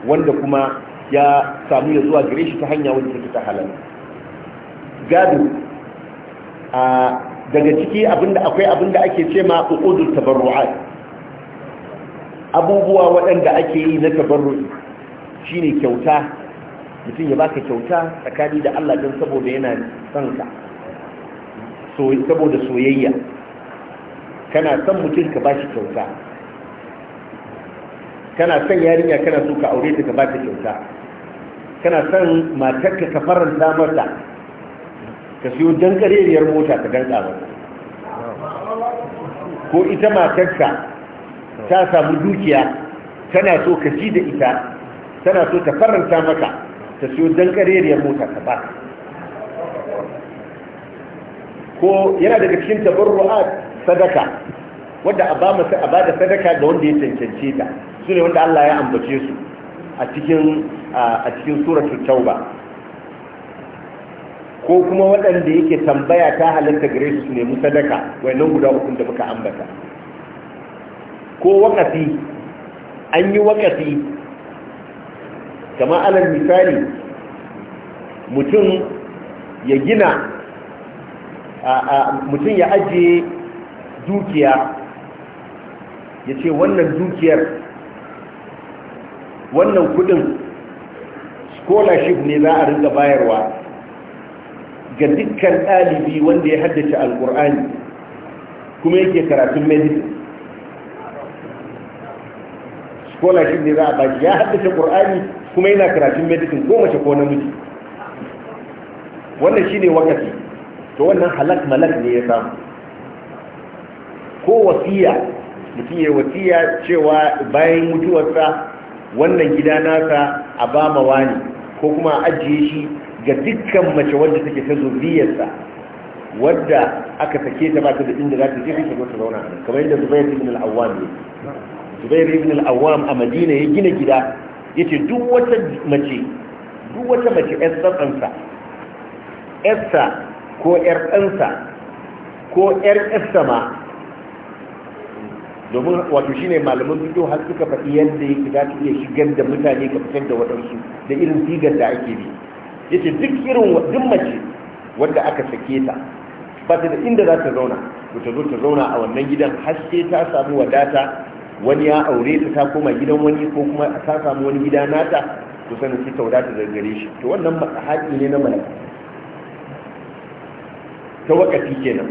wanda kuma ya samu ya zuwa gare shi ta hanya wanda take ta halal gado daga ciki abinda akwai abinda ake ce ma uqudut tabarru'at abubuwa waɗanda ake yi na tabarru'i shine kyauta mutum ya baka kyauta tsakani da Allah don saboda yana son ka saboda soyayya kana son mutum ka bashi kyauta kana son yarinya kana so ka aure ta ka ba ta kyauta kana son matarka ka faranta mata ka siyo dan kareriyar mota ka danka mata ko ita ka ta samu dukiya tana so ka ji da ita tana so ta faranta maka ta siyo dan kareriyar mota ka ba ko yana daga cikin tabarru'at sadaka wadda a ba da sadaka ga wanda ya cancance ta su ne wanda Allah ya ambace su a cikin a cikin suratul tauba ko kuma waɗanda yake tambaya ta halitta gare su su nemi sadaka wannan guda uku da muka ambata ko wakati an yi wakati kama alal misali mutum ya gina mutum ya ajiye dukiya ya ce wannan dukiyar wannan kudin scholarship ne za a rinka bayarwa ga dukkan ɗalibi wanda ya haddace alkur'ani kuma yake karatun medicine scholarship ne za a baki ya haddace ƙur'ani kuma yana karatun medicine ko mace ko namiji wannan shine wakati to wannan halak malak ne ya samu ko wasiya mutum ya wasiya cewa bayan mutuwarsa wannan gida nasa a ba ma wani ko kuma a ajiye shi ga dukkan mace wadda take ta zuriyarsa wadda aka sake ta ba ta da inda za ta je ta zo zauna kamar yadda Zubair ibn al-Awwam ne Zubair ibn al-Awwam a Madina ya gina gida yace duk wata mace duk wata mace ƴar tsantsansa ƴarsa ko ƴar ɗansa ko ƴar ƴarsa ma domin wato shine malaman bidiyo har suka faɗi yadda fi za iya shigar da mutane ka fitar da waɗansu da irin sigar da ake bi yace duk irin duk mace wadda aka sake ta ba ta da inda za ta zauna to ta zo ta zauna a wannan gidan haske ta samu wadata wani ya aure ta ta koma gidan wani ko kuma ta samu wani gida nata to sanin sai ta wadata shi to wannan haƙi ne na malaka ta wakati kenan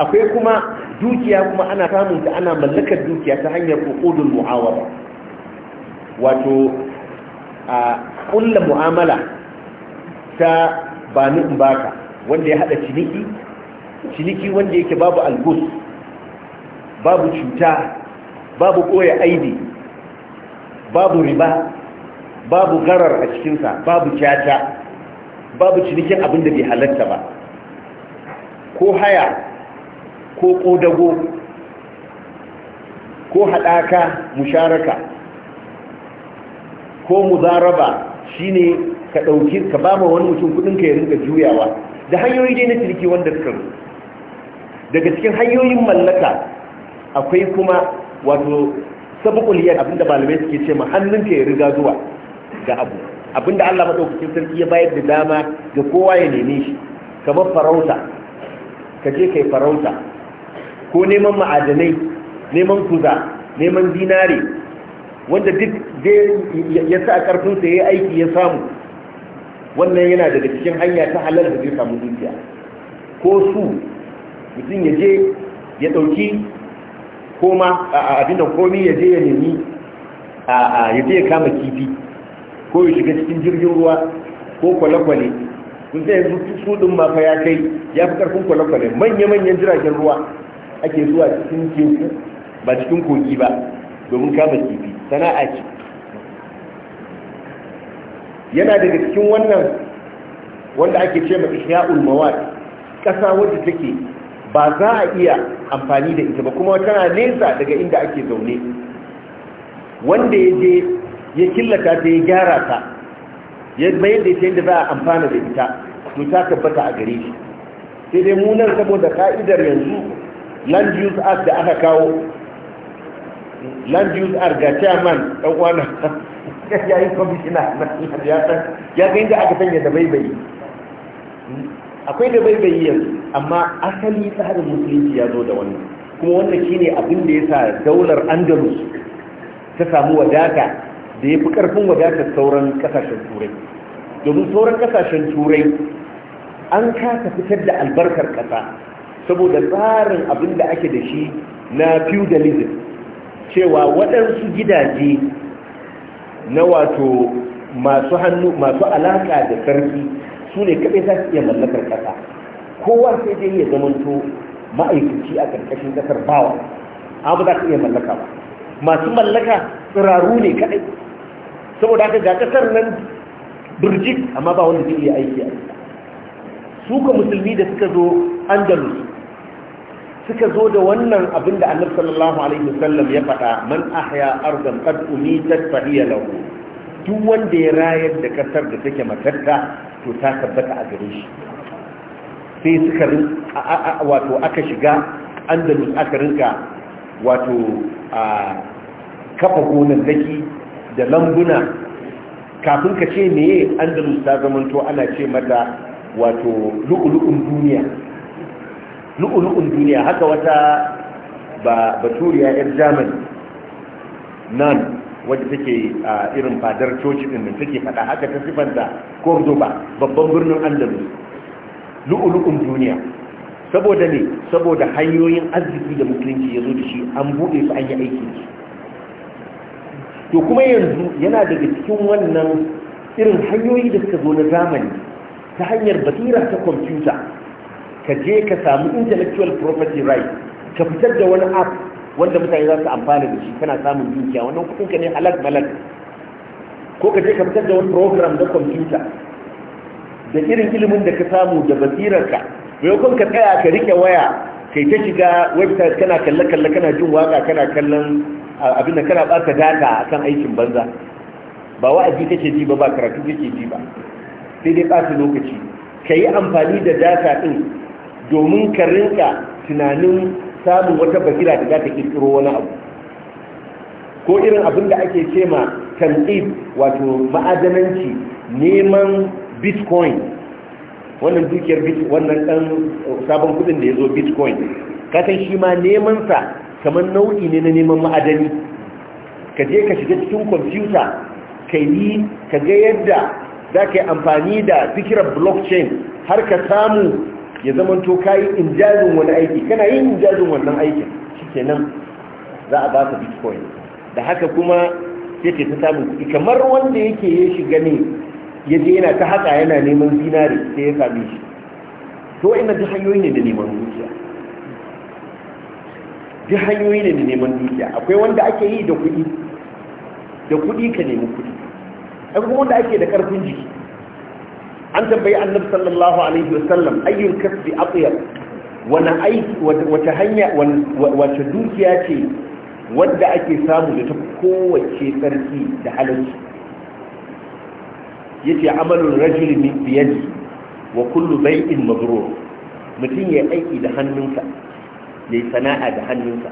akwai kuma dukiya kuma ana samun ta ana mallakar dukiya ta hanyar uqudul mu'awara wato a kulla mu'amala ta ba ni in baka wanda ya hada ciniki ciniki wanda yake babu algus babu cuta babu koya aidi babu riba babu garar a cikinsa babu cata babu cinikin abin da bai halatta ba ko haya ko ƙodago ko haɗaka musharaka ko muzaraba shine ka ɗauki ka ba ma wani mutum kuɗinka ya rinka juyawa da hanyoyi dai na ciniki wanda suka daga cikin hanyoyin mallaka akwai kuma wato sabukuliyar abinda malamai suke ce ma hannun ka ya riga zuwa ga abu abinda Allah madaukakin sarki ya bayar da dama ga kowa ya neme shi kamar farauta ka je kai farauta ko neman ma'adanai neman kuza neman zinare wanda duk ya sa a ƙarfinsa ya yi aiki ya samu wannan yana daga cikin hanya ta halar da zai samu dukiya ko su mutum ya je ya ɗauki koma a abinda komi ya je ya nemi ya je ya kama kifi ko ya shiga cikin jirgin ruwa ko kwale-kwale kun sai yanzu su ɗin mafa ya kai ya fi ƙarfin kwale-kwale manya-manyan jiragen ruwa ake zuwa cikin teku ba cikin kogi ba domin kama kifi sana'a ce yana daga cikin wannan wanda ake ce ma ihya'ul mawad kasa wadda take ba za a iya amfani da ita ba kuma tana nesa daga inda ake zaune wanda ya je ya killata ta ya gyara ta ya mayar da ita yadda za a amfana da ita to ta tabbata a gare shi sai dai munar saboda ka'idar yanzu land use act da aka kawo land use act ga chairman ɗan uwana ya yi commissioner ya ga inda aka sanya da baibayi akwai da baibayi yanzu amma asali tsarin musulunci ya zo da wannan kuma wannan shine abin da ya sa daular andalus ta samu wadata da ya fi ƙarfin wadatar sauran ƙasashen turai domin sauran ƙasashen turai an kasa fitar da albarkar ƙasa saboda tsarin abin da ake da shi na feudalism cewa waɗansu gidaje na wato masu hannu masu alaƙa da sarki su ne kaɗai za su iya mallakar ƙasa kowa sai dai ya zamanto ma'aikaci a ƙarƙashin ƙasar bawa abu za su iya mallaka ba masu mallaka tsiraru ne kaɗai saboda haka ga ƙasar nan birjik amma ba wanda zai iya aiki a su ka musulmi da suka zo andalus suka zo da wannan abin da annabi sallallahu alaihi wasallam ya faɗa man ahya ardan qad umitat fa hiya lahu duk wanda ya rayar da kasar da take matarka to ta tabbata a gare shi sai suka wato aka shiga andalus aka rinka wato a kafa daki da lambuna kafin ka ce meye andalus ta zamanto ana ce mata wato lu'ulu'un duniya lu'ulu'un duniya haka wata ba baturiya yar zamani nan wadda take a irin fadar coci din da take fada haka ta sifanta cordoba babban birnin andalus lu'ulu'un duniya saboda ne saboda hanyoyin arziki da musulunci ya zo da shi an buɗe su an yi aiki to kuma yanzu yana daga cikin wannan irin hanyoyi da suka zo na zamani ta hanyar basira ta kwamfuta ka je ka samu intellectual property right ka fitar da wani app wanda mutane za su amfana da shi kana samun dukiya wannan kudin ka ne halak malag. ko ka je ka fitar da wani program na kwamfuta da irin ilimin da ka samu da basirarka maimakon ka tsaya ka rike waya kai ta shiga website kana kalle-kalle kana jin waka kana kallon abin da kana baka data akan aikin banza ba wa'azi kake ji ba ba karatu kake ji ba sai dai ɓata lokaci ka yi amfani da data ɗin domin ka rinka tunanin samun wata basira da za ta kirkiro wani abu ko irin abin da ake ce ma tamtif wato ma'adananci neman bitcoin wannan dukiyar wannan dan uh, sabon kudin da ya zo bitcoin kasan shi ma neman sa kamar nau'i ne na neman ma'adani ka je ka shiga cikin kwamfuta ka yi ka ga yadda za ka yi amfani da zikirar blockchain har ka samu ya zamanto kayi injazin wani aiki kana yin injazin wannan aikin shikenan za a ba ka bitcoin da haka kuma sai ta samun kuɗi kamar wanda yake ya shiga ne ya je yana ta haka yana neman zinari sai ya same shi to ina ji hanyoyi ne da neman dukiya duk hanyoyi ne da neman dukiya akwai wanda ake yi da kuɗi da kuɗi ka nemi kuɗi akwai wanda ake da ƙarfin jiki an tambayi annabi sallallahu alaihi wasallam ayyul kasbi atyab wani aiki wata hanya wata dukiya ce wadda ake samu da ta kowace tsarki da halarci ce amalin rajuli min biyadi wa kullu bai'in mabrur mutum ya aiki da hannunsa ya yi sana'a da hannunsa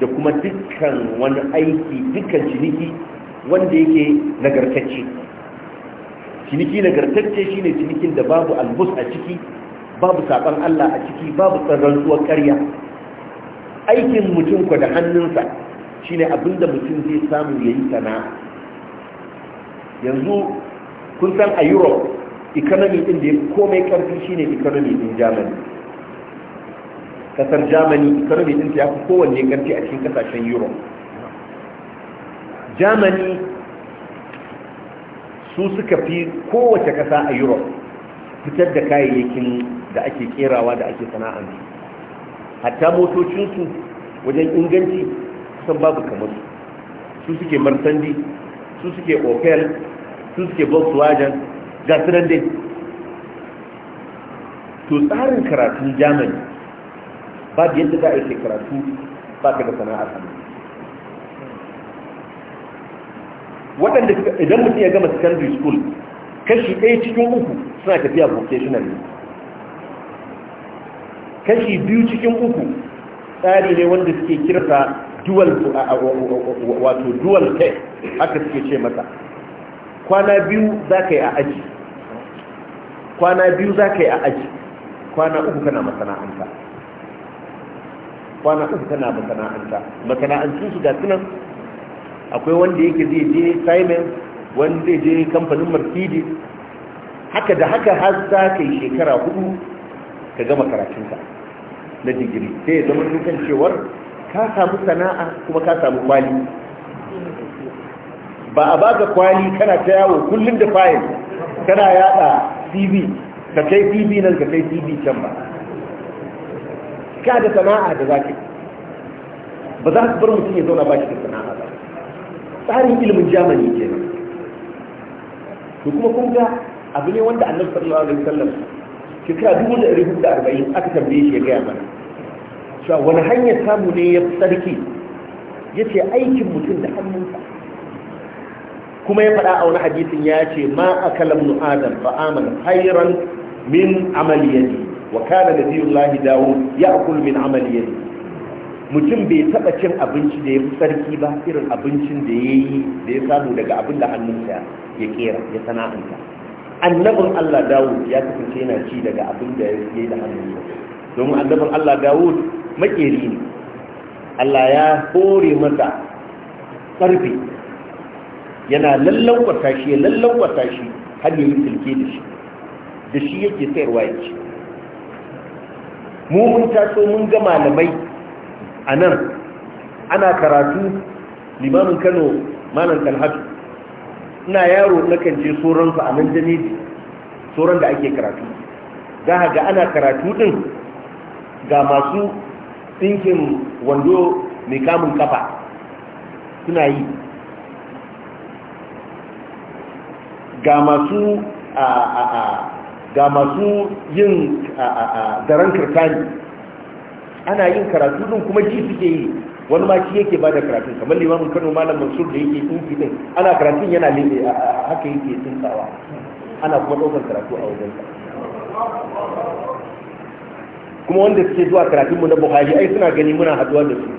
da kuma dukkan wani aiki dukkan ciniki wanda yake nagartacce ciniki na nagartacce shine cinikin da babu albus a ciki babu saban Allah a ciki babu tsarran zuwa ƙarya aikin mutum ku da hannunsa shine abinda mutum zai samu yayi sana yanzu kun san a Europe economy din da komai karfi shine economy din Germany kasar Germany economy din ta fi kowanne karfi a cikin kasashen Europe Germany su suka fi kowace ƙasa a europe fitar da kayayyakin da ake kerawa da ake su, hatta motocinsu wajen inganci kusan babu kamar su suke martandi su suke opel su suke volkswagen ga sunan dai to tsarin karatun germany babu yadda za a yi karatu ba ka da sana'ar hannu waɗanda idan mutum ya gama secondary school kashi ɗaya cikin uku suna tafiya vocational ne kashi biyu cikin uku tsari ne wanda suke kirsa dual wato dual tech haka suke ce masa kwana biyu za ka yi a aji kwana biyu za ka yi a aji kwana uku kana masana'anta kwana uku kana masana'anta masana'antun su ga sunan akwai wanda yake zai je simon wanda zai je kamfanin mercedes haka da haka har za ka yi shekara hudu ka gama karatunka na digiri sai ya zama dukan cewar ka samu sana'a kuma ka samu kwali ba a baka kwali kana ta yawo kullum da fayil kana yada cv ka kai cv nan ka kai cv can ba ka da sana'a da zaki ba za su bar mutum ya zauna ba shi da sana'a ba tsarin ilimin jamani ke nan to kuma kun ga abu ne wanda annabi sallallahu alaihi wasallam shekara dubu da ɗari da arba'in aka tambaye shi ya gaya mana cewa wani hanyar samu ne ya fi sarki ya ce aikin mutum da hannunsa kuma ya faɗa a wani hadisin ya ce ma a kalam adam fa amana khairan min amaliyati wa kana nabiyullahi dawud ya'kul min amaliyati mutum bai taɓa cin abinci da ya fi sarki ba irin abincin da ya yi da ya samu daga abin da hannunsa ya kera ya sana'anta annabin Allah Dawud ya kasance yana ci daga abin da ya yi da hannunsa domin annabin Allah Dawud makeri ne Allah ya hore masa karfe yana lallakwata shi ya lallakwata shi har yi silke da shi da shi yake sayarwa ya ce mu mun taso mun ga malamai a nan ana karatu limamin kano malam talhatu ina yaro na kan je sauransu a nan janeji sauran da ake karatu za ga ana karatu din ga masu tsinkin wando mai kamun kafa suna yi ga masu a a a ga masu yin daren kirtani ana yin karatu din kuma ji suke yi wani ma shi yake bada karatu kamar limamin kano malam mansur da yake tsinki din ana karatu yana lele haka yake tsinkawa ana kuma ɗaukar karatu a wajen kuma wanda suke zuwa karatun mu na buhari ai suna gani muna haduwa da su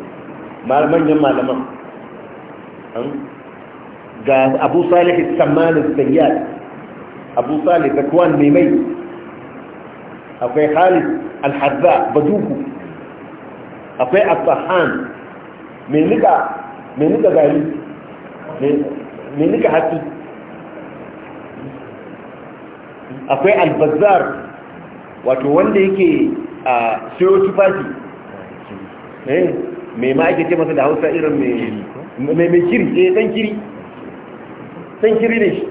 manyan malaman ga abu salih samman zayyad abu salih zakwan mai mai akwai khalid alhazza baduku akwai asahan mai nika mai nika gari mai nika hatsi akwai albazar wato wanda yake a siyo tufafi eh, mai ma ake ce masa da hausa irin mai mai kiri ɗaya eh, ɗan kiri ɗan kiri ne shi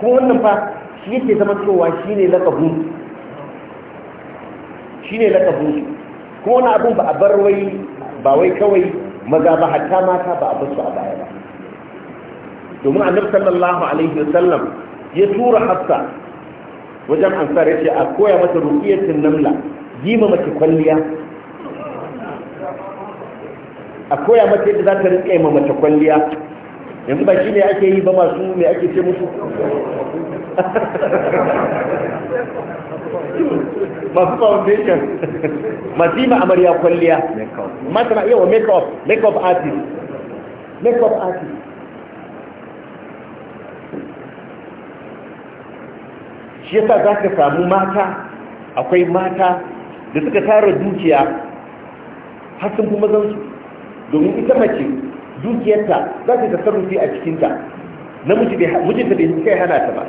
kuma wannan fa shi yake zama cewa shi ne lakabun shi ne lakabun kuma wani abin ba a bar wai ba wai kawai maza ba hatta mata ba a bar su a baya ba domin annabi sallallahu alaihi wasallam ya tura hafsa wajen ansar yace a koya mata ruqiyatin namla yi ma mace kwalliya a koya mata yadda za ta rike ma mace kwalliya yanzu ba shine ake yi ba masu me ake ce musu masu foundation masu yi ma amarya kwalliya Mata yawa make-up make-up artist make-up artist shi yasa za ka samu mata akwai mata da suka tara dukiya har sun zan su domin ita mace dukiyarta za ta tasarrufi a cikinta na da bai kai hana ta ba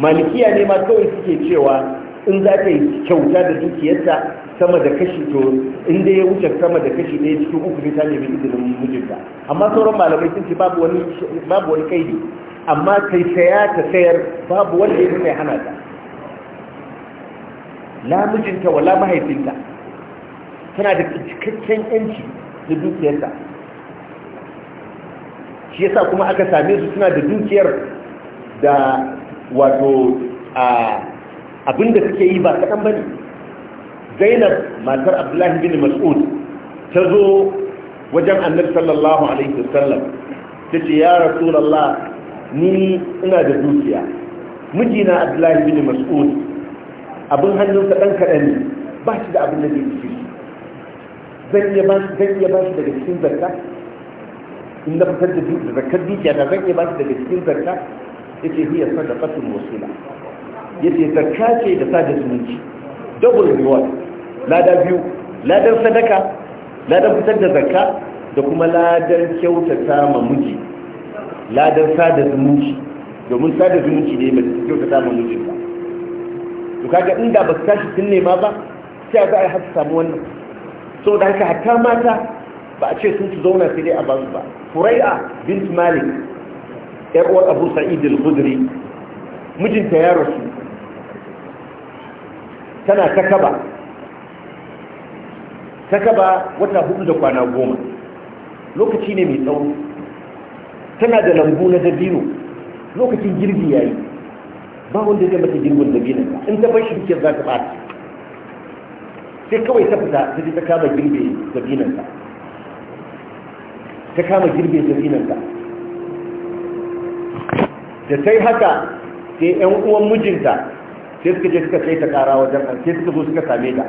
malikiya ne ma kawai suke cewa in za ta yi kyauta da dukiyarta sama da kashi to in dai ya wuce sama da kashi ɗaya cikin uku ne ta nemi izinin mijinta amma sauran malamai sun ce babu wani babu wani kaidi amma kai saya ta sayar babu wanda ya mai hana ta la mijinta wala mahaifinta tana da cikakken yanci da dukiyarta shi yasa kuma aka same su suna da dukiyar da wato a abinda suke yi ba kaɗan ba ne zainab matar abdullahi bin mas'ud ta zo wajen annabi sallallahu alaihi wasallam ta ce ya rasulullah ni ina da dukiya mijina abdullahi bin mas'ud abin hannunsa ɗan kaɗan ne ba shi da abin da zai ci zan iya ba shi daga cikin zakka in na fitar da zakar dukiya na zan iya ba shi daga cikin zakka yake hiyar sadaqatul wasila ce zakka ce da sada zumunci double reward lada biyu ladan sadaka ladan fitar da zakka da kuma ladan kyautata ma miji ladan sada zumunci domin sada zumunci ne mai kyautata ma miji ba to kaga inda ba su tashi sun nema ba sai za a yi haka samu wannan so da haka hatta mata ba a ce sun su zauna sai dai a basu ba furai'a bint malik yar uwar abu sa'id al mijinta ya rasu tana ta kaba ta kaba wata hudu da kwana goma lokaci ne mai tsawo tana da lambu na dabino lokacin girbi yayi ba wanda zai mata girbin dabino in ta bar shi bikiyar za ta ɓata. sai kawai ta fita ta ji ta kama girbe dabinon ta kama girbe dabinon da sai haka sai 'yan uwan mijinta sai suka je suka kai ta kara wajen an sai suka zo suka same ta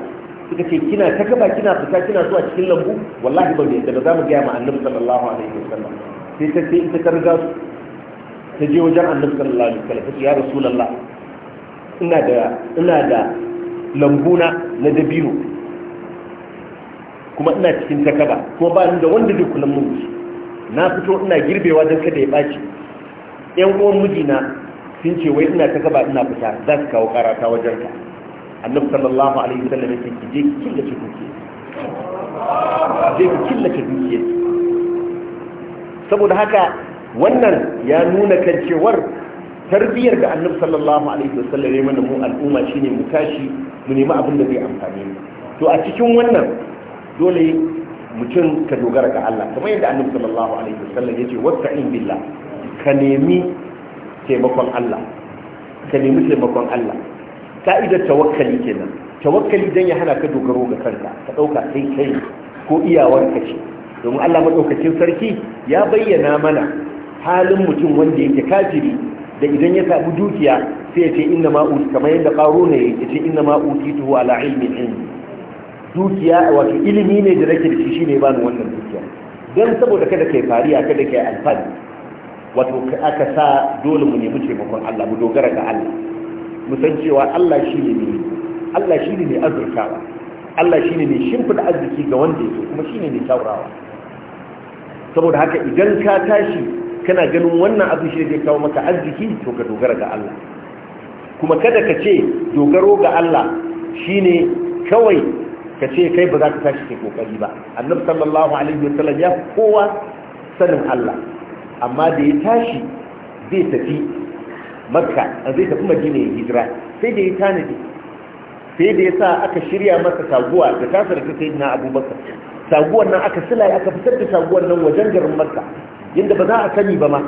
suka ce kina ta gaba kina fita kina zuwa cikin lambu wallahi ba mai da za mu gaya ma annabi sallallahu alaihi wasallam sai ta ce ita ta riga su ta je wajen annabi sallallahu alaihi wasallam ta ce ya rasulullah ina da ina da lambuna na dabino kuma ina cikin takaba kuma ba ni da wanda zai kula mun na fito ina girbewa don kada ya ɓaci yan uwan mijina sun ce wai ina ta gaba ina fita za su kawo karata wajen ka annabi sallallahu alaihi wasallam yake ki je ki killace dukiya je ki killace dukiya saboda haka wannan ya nuna kan cewar tarbiyyar da annabi sallallahu alaihi wasallam ya mana mu al'umma shine mu tashi mu nemi abin da zai amfane mu to a cikin wannan dole mutum ka dogara ga Allah kamar yadda annabi sallallahu alaihi wasallam yace wasta'in billah ka nemi taimakon Allah ka nemi taimakon Allah ka'idar tawakkali kenan tawakkali dan ya hana ka dogaro ga kanka ka dauka sai kai ko iyawar ka ce domin Allah madaukakin sarki ya bayyana mana halin mutum wanda yake kafiri da idan ya samu dukiya sai ya ce inna ma uti kamar yadda karo ne ya ce inna ma uti tuhu ala ilmin ilmi dukiya wato ilimi ne da nake da shi shine bani wannan dukiya dan saboda kada kai fariya kada kai alfani wato aka sa dole mu nemi taimakon Allah mu dogara ga Allah mu san cewa Allah shine ne Allah shine ne azurkawa Allah shine ne shimfida arziki ga wanda yake kuma shine ne taurawa saboda haka idan ka tashi kana ganin wannan abu shi zai kawo maka arziki to ka dogara ga Allah kuma kada ka ce dogaro ga Allah shine kawai ka ce kai ba za ka tashi kai kokari ba annabi sallallahu alaihi wasallam ya kowa sanin Allah amma da ya tashi zai tafi makka zai tafi madina ya hijira sai da ya tanadi sai da ya sa aka shirya masa taguwa da tasa da ta sai na abubakar saguwan nan aka sila aka fitar da taguwar nan wajen garin makka yadda ba za a sani ba ma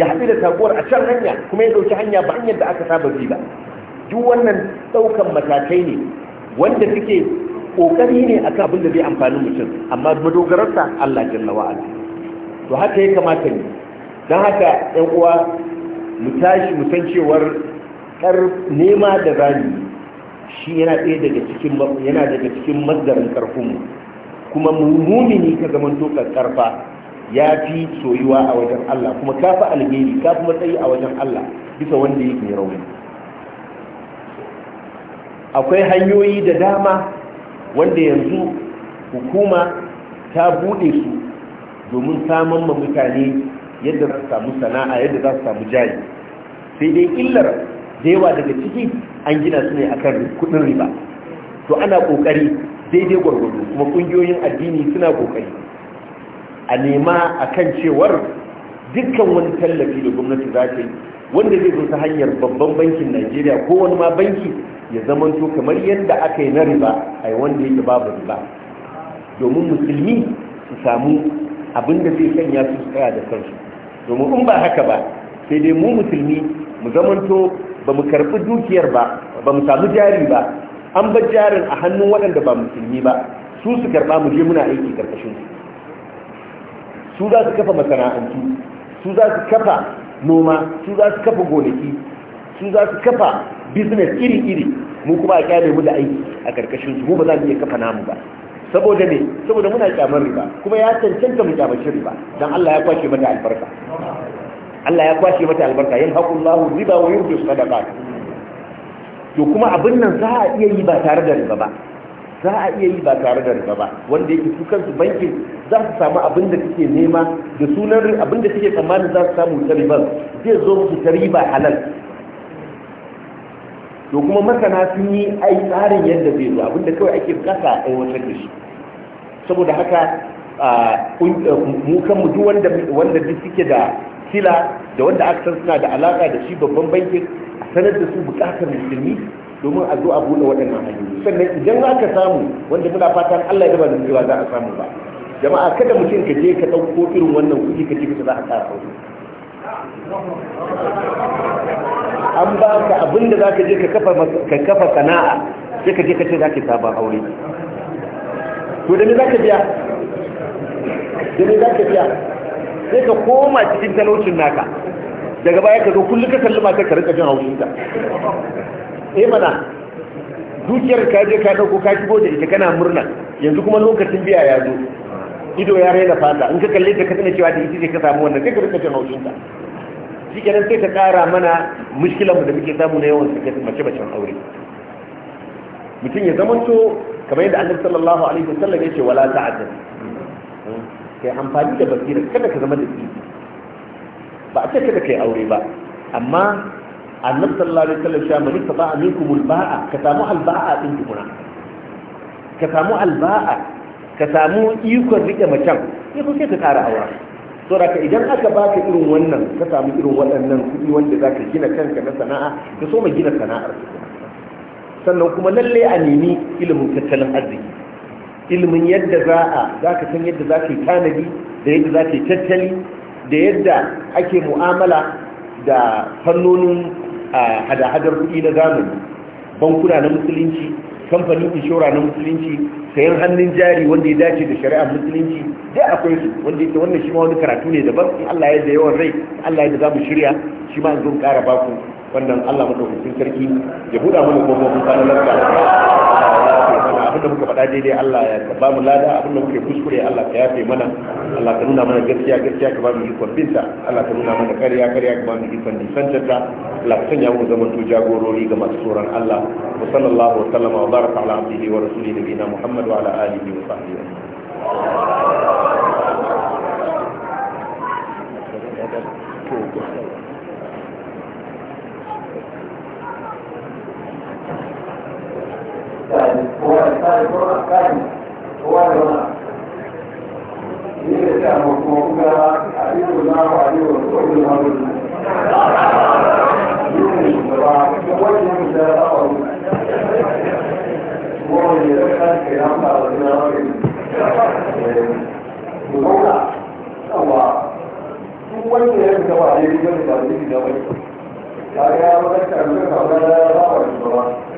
ya haɗu da taguwar a can hanya kuma ya ɗauki hanya ba hanyar da aka saba bi ba duk wannan ɗaukan matakai ne wanda suke ƙoƙari ne akan abin da zai amfani mutum amma madogararsa Allah jalla wa'ala to haka ya kamata ne don haka yan uwa mu tashi mu san cewar kar nema da zani shi yana ɗaya daga cikin yana daga cikin mazdarin karfinmu kuma mumini ka zaman to karfa ya fi soyuwa a wajen Allah kuma ka fi alheri ka fi matsayi a wajen Allah bisa wanda yake rauni akwai hanyoyi da dama wanda yanzu hukuma ta buɗe su domin samun ma mutane yadda za su samu sana'a yadda za su samu jari sai dai illar da yawa daga ciki an gina su ne a kan kudin riba to ana kokari daidai gwargwado kuma kungiyoyin addini suna kokari a nema akan cewar dukkan wani tallafi da gwamnati za ta yi wanda zai zo ta hanyar babban bankin Najeriya ko wani ma banki ya zamanto kamar yadda aka yi na riba a wanda yake babu riba domin musulmi su samu abin da zai sanya su tsaya da kansu domin in ba haka ba sai dai mu musulmi mu zamanto ba mu karɓi dukiyar ba ba mu samu jari ba an ba jarin a hannun waɗanda ba musulmi ba su su karɓa mu je muna aiki karkashin su su za su kafa masana'antu su za su kafa noma su za su kafa gonaki su za su kafa business iri-iri mu kuma a kyale mu da aiki a karkashin su mu ba za mu iya kafa namu ba saboda ne saboda muna kyamar riba kuma ya cancanta mu kyamaci riba don Allah ya kwashe mata albarka Allah ya kwashe mata albarka yin lahu riba wa da ba to kuma abin nan za a iya yi ba tare da riba ba za a iya yi ba tare da riba ba wanda yake su kansu bankin za su samu abin da suke nema da sunan abin da suke tsammanin za su samu ta riban zai zo su ta riba halal to kuma masana sun yi ai tsarin yadda zai zo abinda kawai ake kasa a wajen da shi saboda haka mu kan mu wanda wanda duk suke da sila da wanda aka san suna da alaka da shi babban bankin a sanar da su bukatar musulmi domin a zo a buɗe waɗannan hanyoyi sannan idan aka samu wanda muna fatan Allah ya daba da cewa za a samu ba jama'a kada mutum ka je ka ɗauko irin wannan kuɗi ka ce ka za a ƙara an ba ka abin da za ka je ka kafa sana'a sai ka je ka ce za ka sabon aure to da ni za ka biya da me za ka biya sai ka koma cikin talaucin naka daga baya ka zo kulli ka kalli matar ka rika jin ta eh mana dukiyar ka je ka dauko ka shigo da ita kana murna yanzu kuma lokacin biya ya zo ido ya raina fata in ka kalle ta ka tana cewa da ita ce ka samu wannan sai ka rika jin ta shi kenan sai ta kara mana mushkilanmu da muke samu na yawan sakatin mace-macen aure mutum ya zamanto kamar yadda annabi sallallahu alaihi wasallam ya ce wala ta'addad kai amfani da basira kada ka zama da tsiki ba a ce kada kai aure ba amma annabi sallallahu alaihi wasallam ya mani fa ba'a minkum alba'a baa ka samu al din tukuna ka samu al-ba'a ka samu ikon rike macen sai ka kara aure saboda idan aka baka irin wannan ka samu irin waɗannan kuɗi wanda za ka gina kanka na sana'a ka so mai gina sana'ar sannan kuma lallai a nemi ilimin tattalin arziki ilimin yadda za a za ka san yadda za ka yi tanadi da yadda za ka yi tattali da yadda ake mu'amala da fannonin ah, hada-hadar kuɗi na zamani bankuna na musulunci kamfanin inshora na musulunci sayan hannun jari wanda ya dace da shari'ar musulunci dai akwai su wanda yake wannan shi ma wani karatu ne daban in Allah ya da yawan rai Allah ya da zamu shirya shi ma zan kara baku wannan Allah madaukakin sarki ya buɗa mana kofofin sanar da abin da muka faɗa daidai Allah ya ba mu lada abin da muke kuskure Allah ka yafe mana Allah ka nuna mana gaskiya gaskiya ka ba mu ikon binta Allah ka nuna mana ƙarya ƙarya ka ba mu ikon nisantar ta Allah ka sanya mu zaman to jagorori ga masu tsoron Allah wa sallallahu wa sallama wa baraka ala abdihi wa rasulihi nabiyina Muhammad wa ala alihi wa sahbihi Thank you. هو الثاني هو الثاني هو الثاني ليه كان مفهوم عليه الله وعليه الرسول والمرسل Thank you.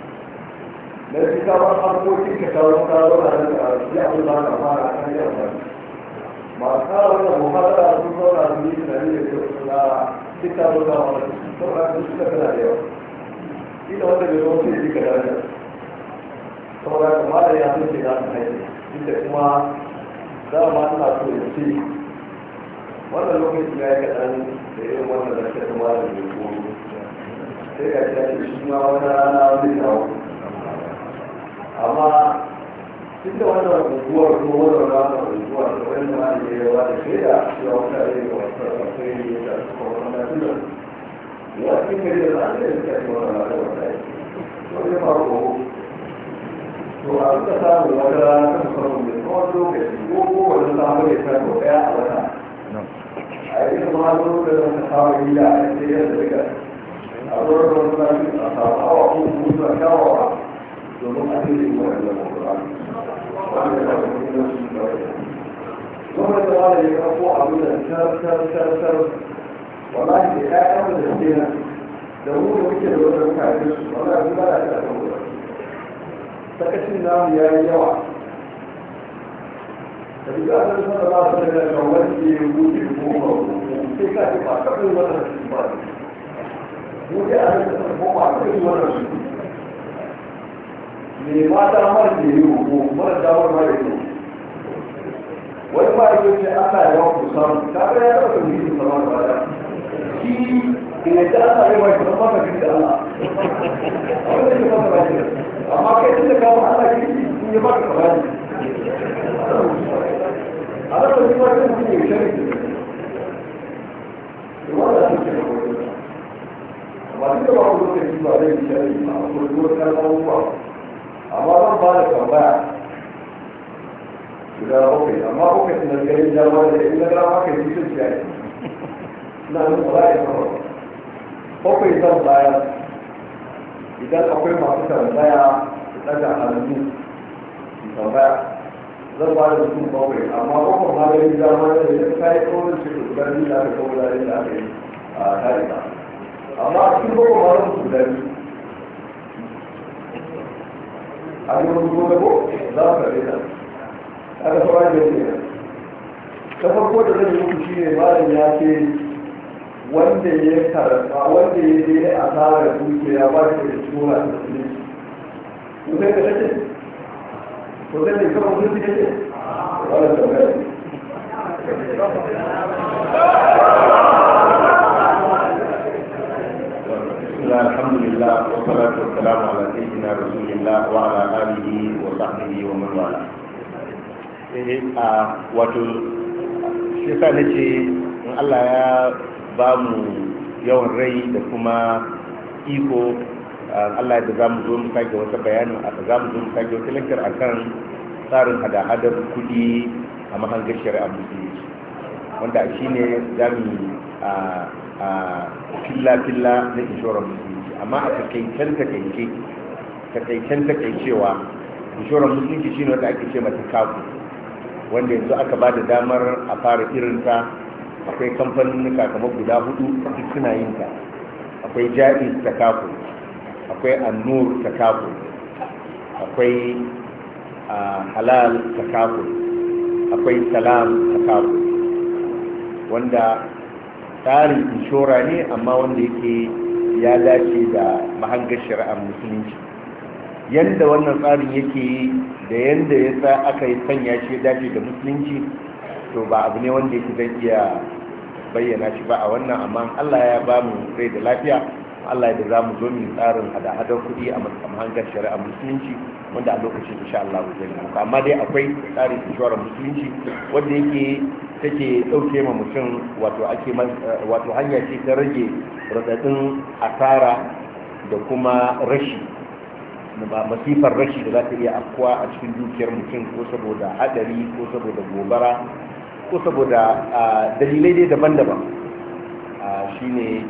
na shi sabon abubuwan ka ta sabon a nan a shi abin da aka fara a kan yau masu t'a da muhammadu a sun zauna su yi tunani da kyau suna duka sun zama wani sauran su suka tana da yawa ina wanda bai zo sai jika da wajen kuma da ya sun ce za su haifi inda kuma dama suna so ya ce wannan lokacin ya yi kaɗan da irin wannan da ke zama da mai sai ga shi shi ma wani rana wani dawo amma duk da wannan guguwar kuma wannan ranar guguwar da wani ma da ya yawa da shaida ya wata ne ga wasu sarrafa ne ya ta suka wannan tunan ya fi kare da zaɓe da suka yi wannan ranar wata yi wani farko to a suka samu wata rana ta musamman da tsawon lokaci ko kowane samun ya kan ɗaya a wata a yi kuma lokacin da samun gida a cikin yadda daga a wurin wani samun a samu awa ko kuma kawawa domin a cikin waɗannan ƙwarar wanda ya kawo cikin wasu ƙwarar da wani ya kawo abu da tartartartar wallahi da ƴaƴan da suke nan da mu da muke da wajen kafin su wallahi su ba da ta kawo sakacin namu ya yi yawa da duk an san da ba su da kawai ke wuce ko ba sai ka ce ba kaɗai wannan su ba ne mu dai a nan da kuma ba kaɗai wannan su mai mata mara ke yi hukumu mara damar mara ke wani ma yake ce ana yawan kusan ta ga ya ɗauka mai yi sama da bada shi ina ta ana yawan kusan ba ka gidi da Allah abin da ke fata ba ke amma kai tun da kawo ana gidi sun yi ba ka kaba ne a da ba ma kan mutum ya shari da ne wanda sun ce da kwaikwayo amma duk da ba ku zo da shi ba zai yi shari ba a kwaikwayo ta kawo ba amma zan ba da tambaya guda bakwai amma bakwai suna ganin jama'a da ina ga maka yi sun ciyayi na nan ba ya kama bakwai zan bayar idan akwai masu tambaya su ɗaga hannu su tambaya zan ba da mutum bakwai amma bakwai ma ganin jama'a da ina ka yi kawai ce da gudanar da aka da aka yi a tarika amma cikin bakwai ma zan gudanar a yi rubutu da ko za ka rena a ga fara da ne ta farko da zai muku shi ne malam ya ce wanda ya karanta wanda ya je a tsara dukiya ba shi da tura da ne ko sai ka tace ko sai ka kuma mutunci ne wala ta ne الله الحمد لله والصلاة والسلام على سيدنا رسول الله وعلى آله وصحبه ومن والاه eh, wato shi sa na ce in Allah ya ba mu yawan rai da kuma iko Allah da za mu zo mu sake wata bayanin a za mu zo mu sake wata lakar a kan tsarin hada-hadar kudi a mahangar shari'a musulunci wanda shi ne za mu a filla-filla na inshorar musulunci amma a takaicen takaice takaicen takaicewa inshorar musulunci shi ne wanda ake ce mata kaku wanda yanzu aka ba da damar a fara irin irinta akwai kamfaninnuka kama guda hudu duk suna yin ta akwai jai ta kaku akwai annur ta kaku akwai halal ta kaku akwai salam ta kaku wanda tsarin inshora ne amma wanda yake ya dace da mahangar shari'ar musulunci yadda wannan tsarin yake yi da yadda ya sa aka yi sanya shi dace da musulunci to ba abu ne wanda yake zan iya bayyana shi ba a wannan amma allah ya ba mu rai da lafiya Allah ya za mu zo mu tsarin hada-hadar kuɗi a hangar shari'a musulunci wanda a lokacin insha Allah zai muku amma dai akwai tsarin inshorar musulunci wanda yake take ɗauke ma mutum wato ake eh, wato hanya ce ta rage raɗaɗin asara da kuma rashi masifar rashi da za ta iya afkuwa a cikin dukiyar mutum ko saboda hadari ko saboda gobara ko saboda ah, dalilai dai daban-daban ah, shine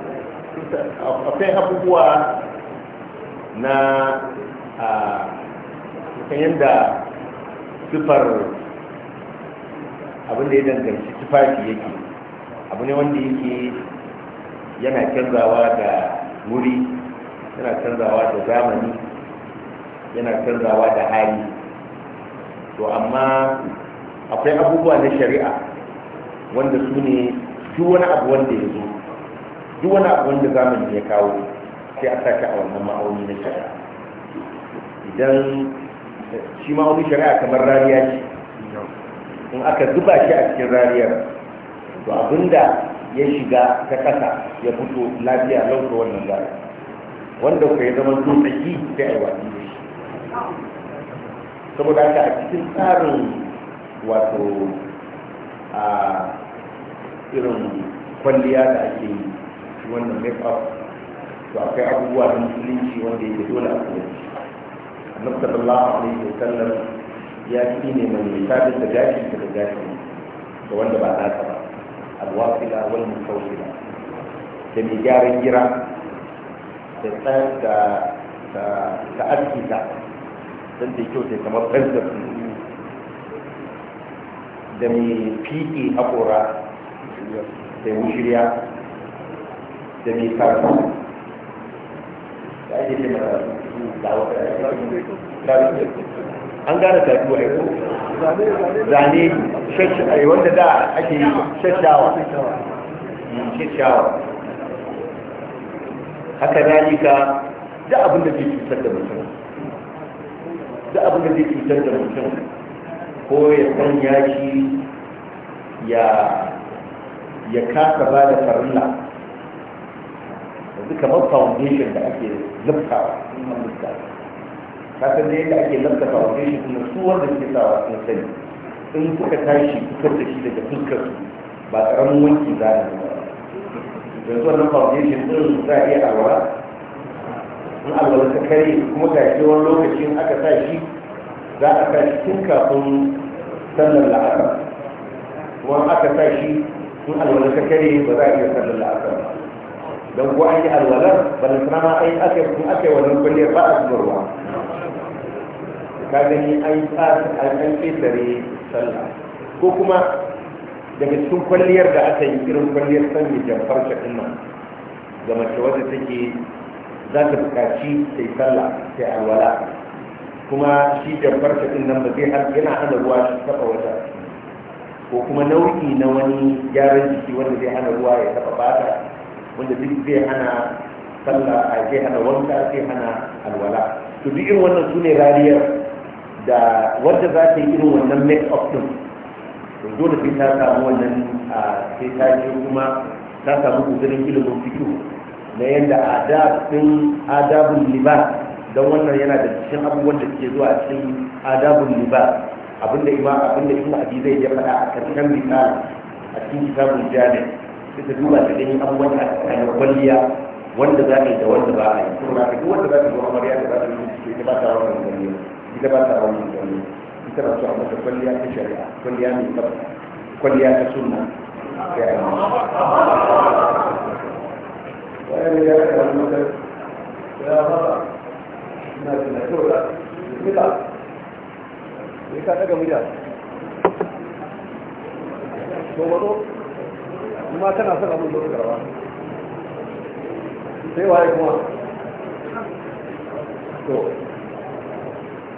akwai abubuwa na a yadda sifar abin da ya danganci tufafi yake abu ne wanda yake yana canzawa da wuri yana canzawa da zamani yana canzawa da hali to amma akwai abubuwa na shari'a wanda su ne su wani abu wanda ya zo duk wani abu wanda zamani ya kawo sai a sake a wannan ma'auni na shari'a idan shi ma'auni shari'a kamar rariya ce in aka zuba shi a cikin rariyar to abinda ya shiga ta ƙasa ya fito lafiya lauka wannan gari wanda ku ya zama zo tsaki sai a wasu da shi saboda haka a cikin tsarin wato a irin kwalliya da ake yi wannan make up to akwai abubuwa da musulunci wanda yake dole a kuma shi annabi sallallahu alaihi wasallam ya fi ne mai misalin da gashi da gashi da wanda ba za naka ba alwasila wal mutawila da mai gyaran gira da tsayar da ta arzika don da kyau sai kamar ɗan da da mai fiƙe haƙora da shirya. da mai karatu da ake ce mata an gane tafi wa aiko zane shashawa wanda da ake yi shashawa shashawa mm, haka dalika da abin da ke cutar da mutum da abin da zai cutar da mutum ko ya san sanya shi ya kasa ba da farilla Suka kamar foundation da ake laftawa in an laftawa ka san da yadda ake lafta foundation kuma su wanda suke tsawa sun sani in suka tashi fitar da shi daga fuskar ba karamin wanki za ne ba da yanzu wannan foundation din za a iya alwara in alwala ta kare kuma ga shi wani lokacin aka sa shi za a sa shi tun kafin sannan la'akar kuma aka sa shi in alwala ta kare ba za a iya sannan la'akar ba don ko an yi alwalar balantana ma ai ake yi ake wannan kwalliyar ba a zuwa ruwa ka gani an tsari an dare sallah ko kuma daga cikin kwalliyar da aka yi irin kwalliyar sanya jamfar shaɗin nan ga mace wadda take za ta buƙaci ta yi sallah ta alwala kuma shi jamfar shaɗin nan ba zai yana hana ruwa shi taɓa wata ko kuma nau'i na wani gyaran jiki wanda zai hana ruwa ya taɓa fata wanda duk zai hana sallah a ke hana wanda zai hana alwala to duk irin wannan su ne rariyar da wanda za ta yi irin wannan make up din to dole sai ta samu wannan sai ta je kuma ta samu guzurin ilimin fito na yadda adabin adabun libas don wannan yana da cikin abubuwan da ke zuwa cikin adabun libas abinda ima abinda ibn abi zai ya faɗa a kan misali a cikin kitabun jami'a sai ta duba ta gani abubuwan da aka kayan kwalliya wanda za a yi da wanda ba a yi saboda haka duk wanda za ta zo amarya da za ta yi ita ba ta rawar gani ita ba ta rawar gani ita na so a mata kwalliya ta shari'a kwalliya mai tsafta kwalliya ta sunna sai a yi wani ya ga wani mutum ya fara ina tunan kyau da mila ne ka daga mila to wano kuma tana son abin zuwa karba sai waye kuma to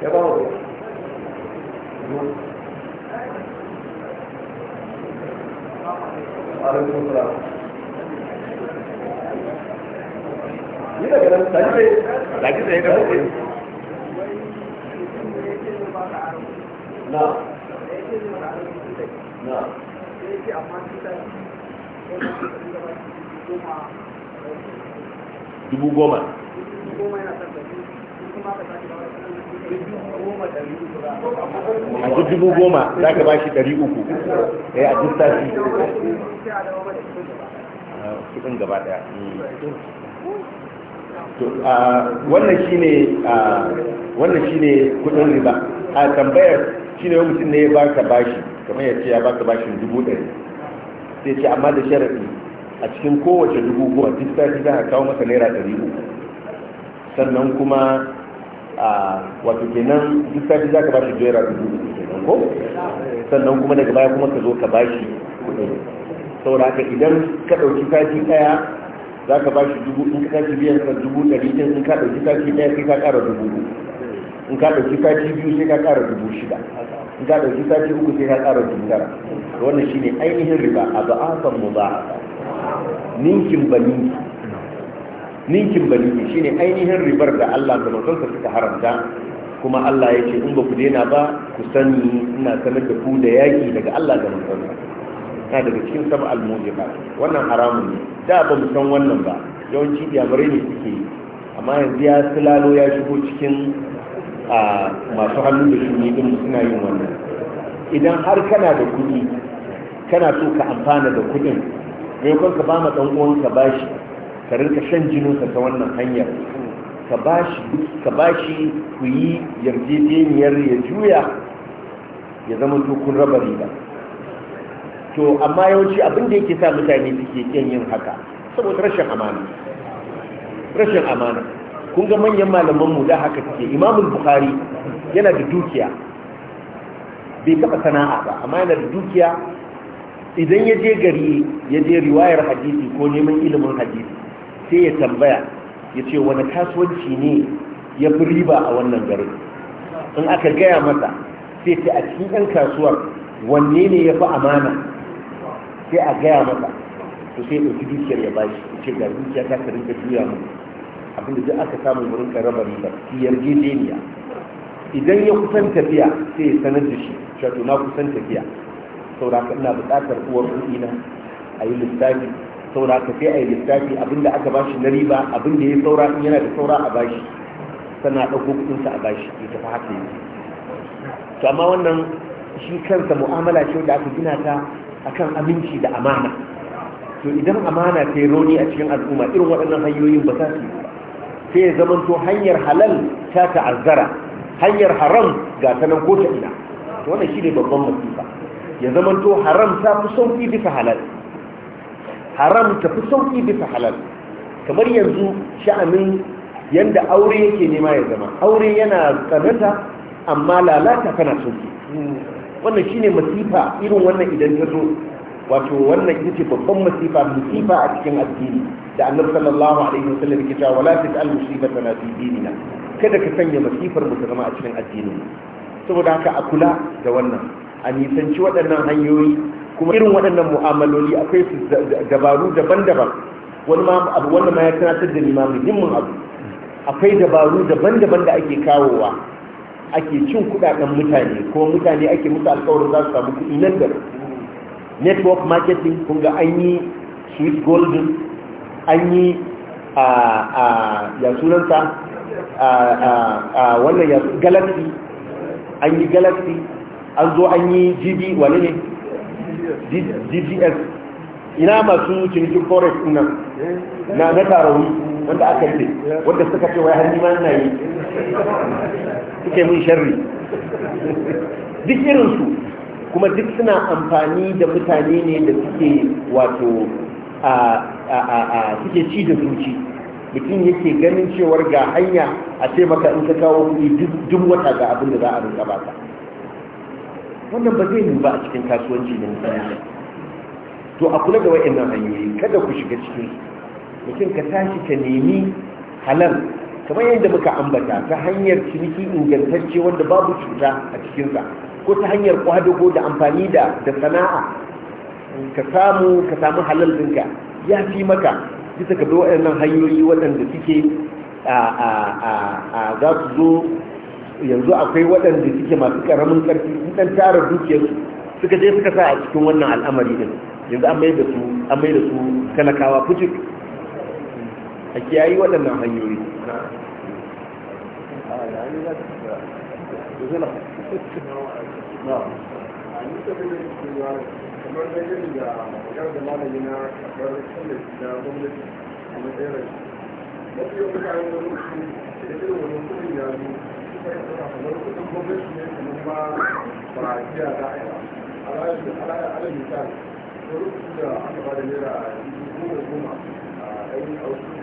ya ba wa alaikum ni daga nan tajibe tajibe da hukumi na na dubu goma a dubu goma za ka ba shi ɗari uku ya eh, a duk tafi ah, kuɗin gaba daya ah, wannan ne ah, wannan shine kudin riba a tambayar shine mutum ne ya baka bashi kamar ya ce ya baka bashin dubu ɗari sai ce amma da sharafi a cikin kowace dubu guwa duk sati za a kawo masa naira ɗari uku sannan kuma a wato kenan duk sati za ka ba shi jera dubu uku kenan ko sannan kuma daga baya kuma ka zo ka ba shi kuɗi saboda haka idan ka ɗauki sati ɗaya za ka ba shi dubu in ka sati biyan ka dubu ɗari in ka ɗauki sati ɗaya sai ka ƙara dubu uku in ka ɗauki sati biyu sai ka ƙara dubu shida in ka ɗauki sati uku sai ka ƙara dubu tara wannan shine ainihin riba a ba'afan mu ba ninkin ba ninki ninkin ba ninki shine ainihin ribar da Allah da manzonsa suka haramta kuma Allah ya ce in ba ku daina ba ku sani ina sanar da ku da yaƙi daga Allah da manzonsa na daga cikin sama ba wannan haramun ne da ba mu san wannan ba yawanci iyamarai ne suke amma yanzu ya silalo ya shigo cikin a masu hannu da shi din suna yin wannan idan har kana da kuɗi kana so ka amfana da kuɗin maimakon ka ba ma ɗan uwanka bashi ka rinka shan jininsa ta wannan hanyar ka bashi ku yi yarjejeniyar ya juya ya zama kun raba riba to amma yawanci abin da yake sa mutane suke yin haka saboda rashin amana rashin amana kun ga manyan malaman mu da haka suke imamul bukhari yana da dukiya bai taɓa sana'a ba amma yana da dukiya idan ya je gari ya je riwayar hadisi ko neman ilimin hadisi sai ya tambaya ya ce wani kasuwanci ne ya fi riba a wannan garin in aka gaya masa sai ta a cikin 'yan kasuwar wanne ne ya fi amana sai a gaya masa to sai ɗauki dukiyar ya bashi ce ga dukiya ta ka rinka juya mu abinda duk aka samu wurin da riba yarjejeniya idan ya kusan tafiya sai ya sanar da shi shato na kusan tafiya sauraka ina buƙatar uwar kuɗi na a yi lissafi sauraka sai a yi lissafi abinda aka bashi na riba abinda ya saura in yana da saura a bashi sana ɗauko kuɗinsa a bashi ya tafi haka yanzu to amma wannan shi kansa mu'amala ce da aka gina ta akan aminci da amana to idan amana ta yi rauni a cikin al'umma irin waɗannan hanyoyin ba za su yi ba sai ya zamanto hanyar halal ta ta'azzara hanyar haram ga ta nan ko ta ina wannan ne babban masifa ya zamanto haram ta fi sauki bisa halal haram ta fi sauki bisa halal kamar yanzu sha'anin yanda aure yake nema ya zama aure yana tsananta amma lalata kana sauki wannan ne masifa irin wannan idan ta zo wato wannan ita ce babban masifa musifa a cikin addini da annabi sallallahu alaihi wasallam yake cewa wala taj'al musibatan fi dinina kada ka sanya masifar mu ta zama a cikin addini saboda haka a kula da wannan a nisanci waɗannan hanyoyi kuma irin waɗannan mu'amaloli akwai su dabaru daban-daban wani ma abu wanda ma ya tunatar da ni ma muhimmin abu akwai dabaru daban-daban da ake kawowa ake cin kuɗaɗen mutane ko mutane ake musu alƙawarin za su samu kuɗi nan da network marketing kun ga an yi sweet golden an yi a a ya sunanta a a wannan ya galaxy an yi galaxy an zo an yi gb wani ne gbs ina masu cinikin forex ina na na tarauni wanda aka yi wanda suka ce wai hannu ma na yi suke mun sharri duk irinsu kuma duk suna amfani da mutane ne da suke wato a suke ci da zuci mutum yake ganin cewar ga hanya a ce maka in ka kawo kuɗi duk wata ga abin da za a rinka baka wannan ba zai yi ba a cikin kasuwanci da musulunci to a kula da wa'annan hanyoyi kada ku shiga cikin mutum ka tashi ka nemi halal kamar yadda muka ambata ta hanyar ciniki ingantacce wanda babu cuta a cikinsa ko ta hanyar kwadugo da amfani da da sana'a ka samu ka samu halal dinka ya fi maka bisa ka bi waɗannan hanyoyi waɗanda suke a za su zo yanzu akwai waɗanda suke masu ƙaramin ƙarfi in dan tara dukiyarsu suka je suka sa a cikin wannan al'amari din yanzu an maida su an maida su talakawa fucik a kiyayi waɗannan hanyoyi نعم kamar da yin da magar da malami na kamar kallon da gwamnati a matsayin rashi mafi yau mutane da rufi da irin wani kudin ya zo suka yi tsara kamar kudin gwamnati ne kamar ba ba a biya da a yi ala misali ko rufi da aka ba da naira dubu goma goma a ɗan a wasu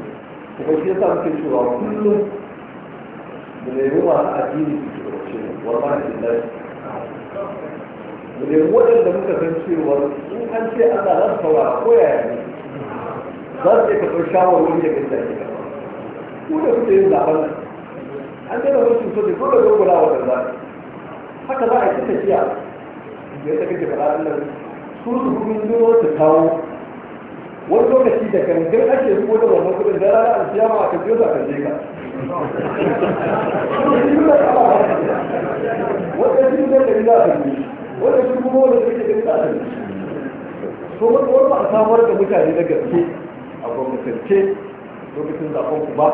kuma shi yasa muke cewa kullum a nemi masu addini su cewa wallahi da mu nemi waɗanda muka san cewa in an ce Allah za su ko yaya ne za su iya karɓar shawarwar daga inda ake karɓa da kuke yin zaɓen nan an daina wasu so da dole zo kula wa haka za a yi tafiya da ya ta kake faɗa nan? su su kuma zo kawo wani lokaci da gangan ake riko da wannan kudin da rana a ma a kan yosa kan jeka wanda shi ne da ina kan yi wanda shi kuma wanda shi ne da ina kan yi to wanda wanda a samar da mutane na gaske a gwamnatance lokacin zaɓen ku ba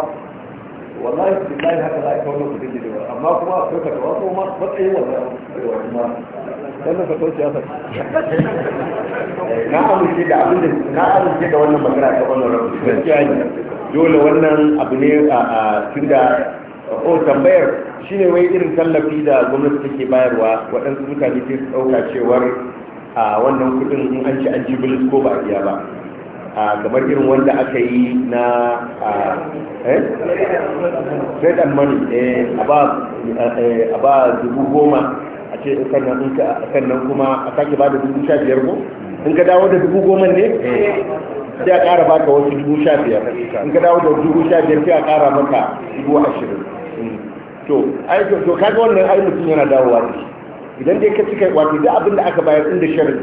wallahi billahi haka za a kawo muku da jirewa amma kuma a kai fatawa ko ma matsayin wannan da wani ma wannan fatawar siyasa na amince da abin da na amince da wannan magana ta wannan rabu gaskiya ne dole wannan abu ne a tunda o oh, tambayar shine wai irin tallafi da gwamnati take bayarwa waɗansu mutane ke su ɗauka cewar a wannan kuɗin in an ci an ji bilis ko ba a biya ba a kamar irin wanda aka yi na eh? red and money eh, a ba dubu goma a ce sannan kuma a sake ba da dubu sha biyar ko in ka dawo da dubu goma ne sai a kara baka wasu dubu sha biyar in ka dawo da dubu sha biyar sai a kara maka dubu ashirin to ai to ga wannan ai mutum yana dawowa da shi idan dai ka cika wato duk abin da aka bayar inda da sharri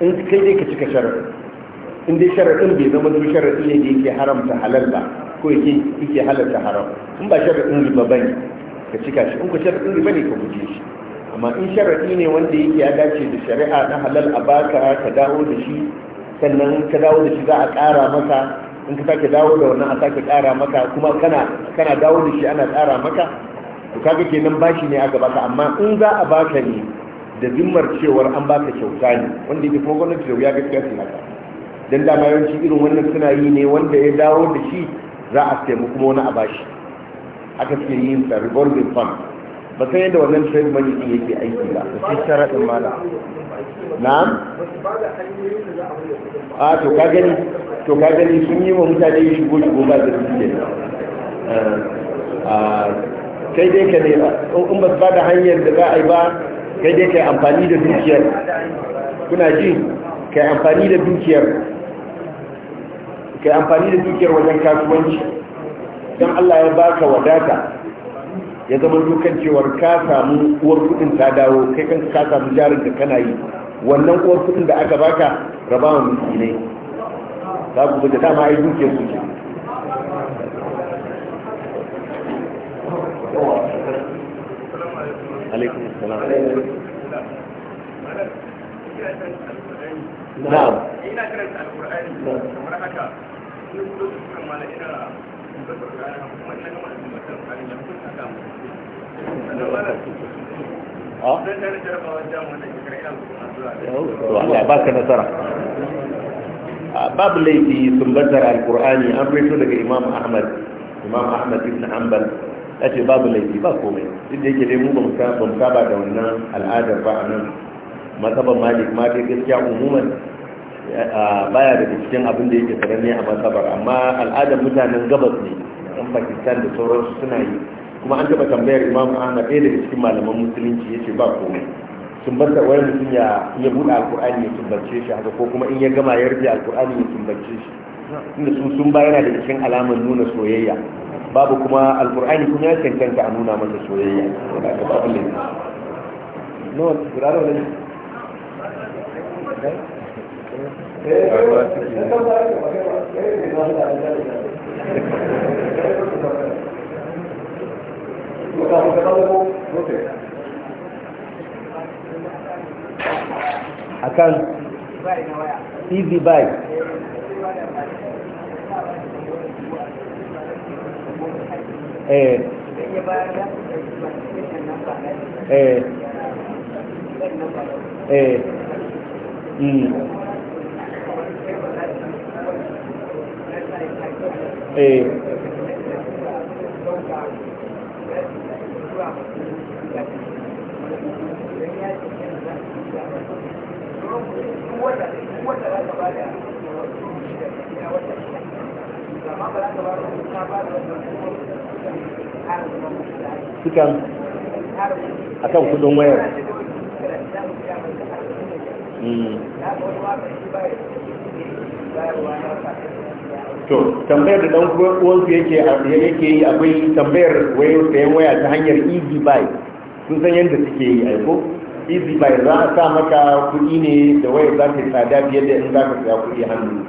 in kai dai ka cika sharri in dai sharaɗin bai zama dubu sharri ne da yake haramta halal ba ko yake yake halarta haram in ba sharaɗin ba bane ka cika shi in ka sharaɗin ba ne ka guje shi amma in sharaɗi ne wanda yake ya dace da shari'a na halal a baka ka dawo da shi sannan ka dawo da shi za a ƙara maka in ka sake dawo da wannan a sake ƙara maka kuma kana kana dawo da shi ana ƙara maka to kaga kenan bashi ne aka baka amma in za a baka ne da zimmar cewar an baka kyauta ne wanda yake kuma gwamnati da wuya gaskiya su haka dan dama yawanci irin wannan suna yi ne wanda ya dawo da shi za a taimaka kuma wani a bashi aka suke yin sa revolving fund ba san yadda wannan trade money din yake aiki ba to sai sharadin mala Na, a to ka gani to ka gani sun yi wa mutane shigo shigo ba da su ke eh, kai dai ka ne in ba su ba da hanyar da za a yi ba kai dai ka yi amfani da dukiyar kuna ji ka yi amfani da dukiyar ka yi amfani da dukiyar wajen kasuwanci don Allah ya baka wadata ya zama dukan cewar ka samu uwar kudin ta dawo kai kan ka samu jarin da kana yi wannan uwar kudin da aka baka raba wa miskinai za ku da dama ai dukiyar su ke na'am ina karanta alqur'ani kamar haka Ah? Ah, babu laifi sun bazara alkur'ani an rito daga imam ahmad imam ahmad ibn hanbal ya ce babu laifi ba komai duk da yake dai mu ba mu saba da wannan al'adar ba a nan masaban malik ma dai gaskiya umuman ah, baya daga cikin abin da yake sananne a masabar amma al'adar mutanen gabas ne yan pakistan da sauransu suna yi kuma an taɓa tambayar imam ahmad ɗaya daga cikin malaman musulunci ya ce ba komai sumbanta wani mutum ya ya buɗe alkur'ani ya sumbace shi haka ko kuma in ya gama ya rufe alkur'ani ya sumbace shi inda sun sun ba yana daga cikin alamar nuna soyayya babu kuma alkur'ani kuma ya cancanta a nuna masa soyayya wanda aka babu eh akan easy buy eh eh eh hmm. eh sukan akan kudin wayar hmm. to tambayar da ɗan yake yake yi akwai tambayar wayo sayan waya ta hanyar easy buy sun san yadda suke yi aiko easy buy za a sa maka kuɗi ne da waya za ta yi tsada biyar da in za ka saya kuɗi hannu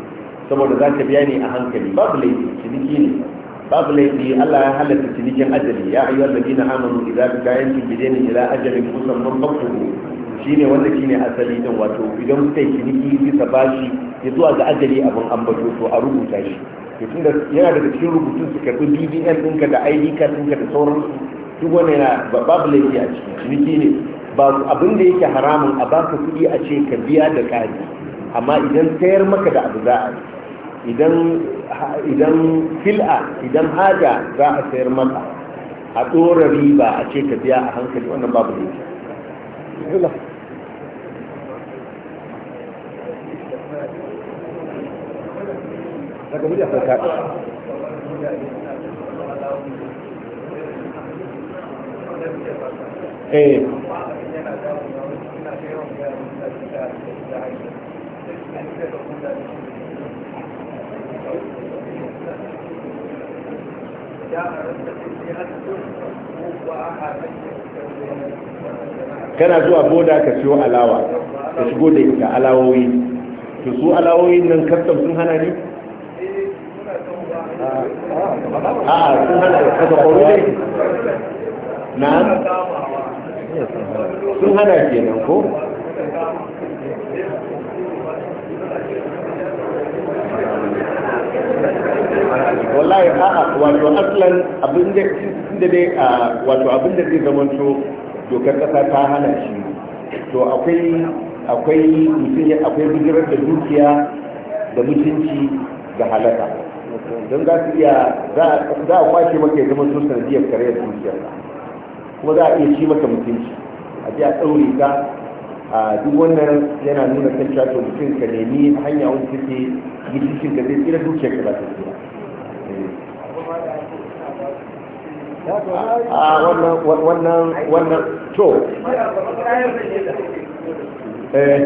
saboda za ka biya ne a hankali babu laifi ciniki ne babu laifi Allah ya halatta cinikin ajali ya ayyuhal na amanu idza tadayantum bidainin ila ajalin musamman faktuhu shine wanda shine asali din wato idan kuka yi ciniki bisa bashi ya zuwa ga ajali abin ambato to a rubuta shi to tunda yana daga cikin rubutun su karɓi BBN ɗinka da ID card ɗinka da sauransu duk wani yana babu laifi a cikin ciniki ne ba su abin da yake haramun a baka kuɗi a ce ka biya da ƙari amma idan sayar maka da abu za a yi idan fil'a idan haja za a sayar maka a ɗora riba a ce ka biya a hankali wannan babu da yake Eh. kana zuwa boda ka siyo alawa ka shigo da ita alawoyi to su alawoyin nan kastam sun hana ni a sun hana ka kwaro dai na sun hana nan ko wallahi a'a wato aslan abin da da dai wato abin da zai zamanto dokar kasa ta hana shi to akwai akwai mutum akwai bijirar da dukiya da mutunci da halaka don za su iya za a kwashe maka ya zama so sanadiyar da dukiyar kuma za a iya shi maka mutunci a ji a ɗaure ka a duk wannan yana nuna kan cato mutum ka nemi hanya wani take gidishin ka zai tsira dukiyar ka za ta tsira eh. a wannan wannan wannan to eh.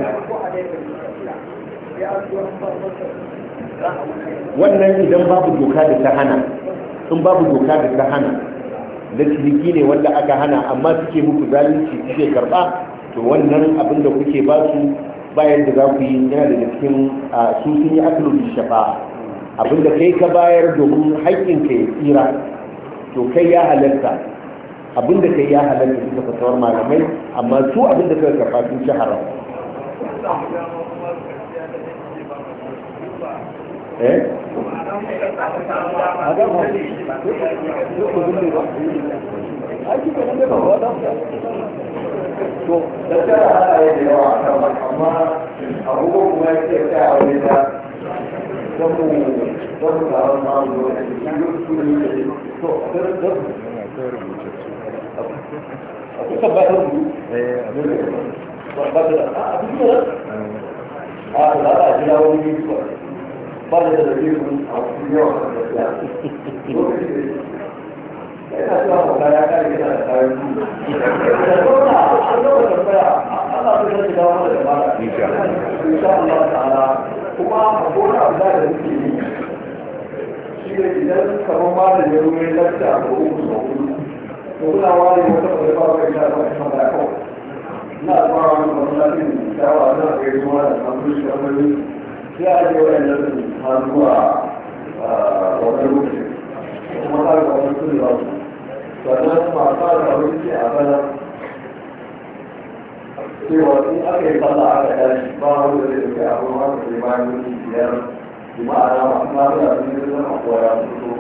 wannan idan babu doka da ta hana in babu doka da ta hana da ciniki ne wanda aka hana amma suke muku zalunci suke karba to wannan abin da kuke ba su bayan da za ku yi yana da cikin su sun yi akalubin shafa abin da kai ka bayar domin haƙƙin ka ya tsira to kai ya halarta abin da kai ya halarta ka fasawar malamai amma su abin da suka karfa sun shahara eh to da ta hana yi da yawa a kan amma abubuwan kuma ya ce ta aure da don mu don mu zama mamu da wani su ne to don akwai tabbatar mu eh abin da ba ba da a abin ah, da ah, a da a jira wani ne ba da dalilin a da yawan gaskiya lokacin da yana zuwa kuma ya kare yana da kayan su da kuma a zuwa tambaya Allah zai rage dawo da jama'a insha Allah ta'ala kuma a gona abu da muke shi ne idan kamar malam ya ruwe lafiya ko uku ko hudu to kuna ware wata ba ba ka ina ba kuma da kawai ina zuwa wani masalacin dawa na kai zuwa da kamar shi kamar sai a ce waɗannan har zuwa wani lokaci kuma har ga wani kudi ba su sannan masu da wani a bana cewa in aka yi sallah aka tashi ba wani da zai kai abu ma ka bayan wani biyar jama'a masu lafiya sun yi zama kuwa ya fito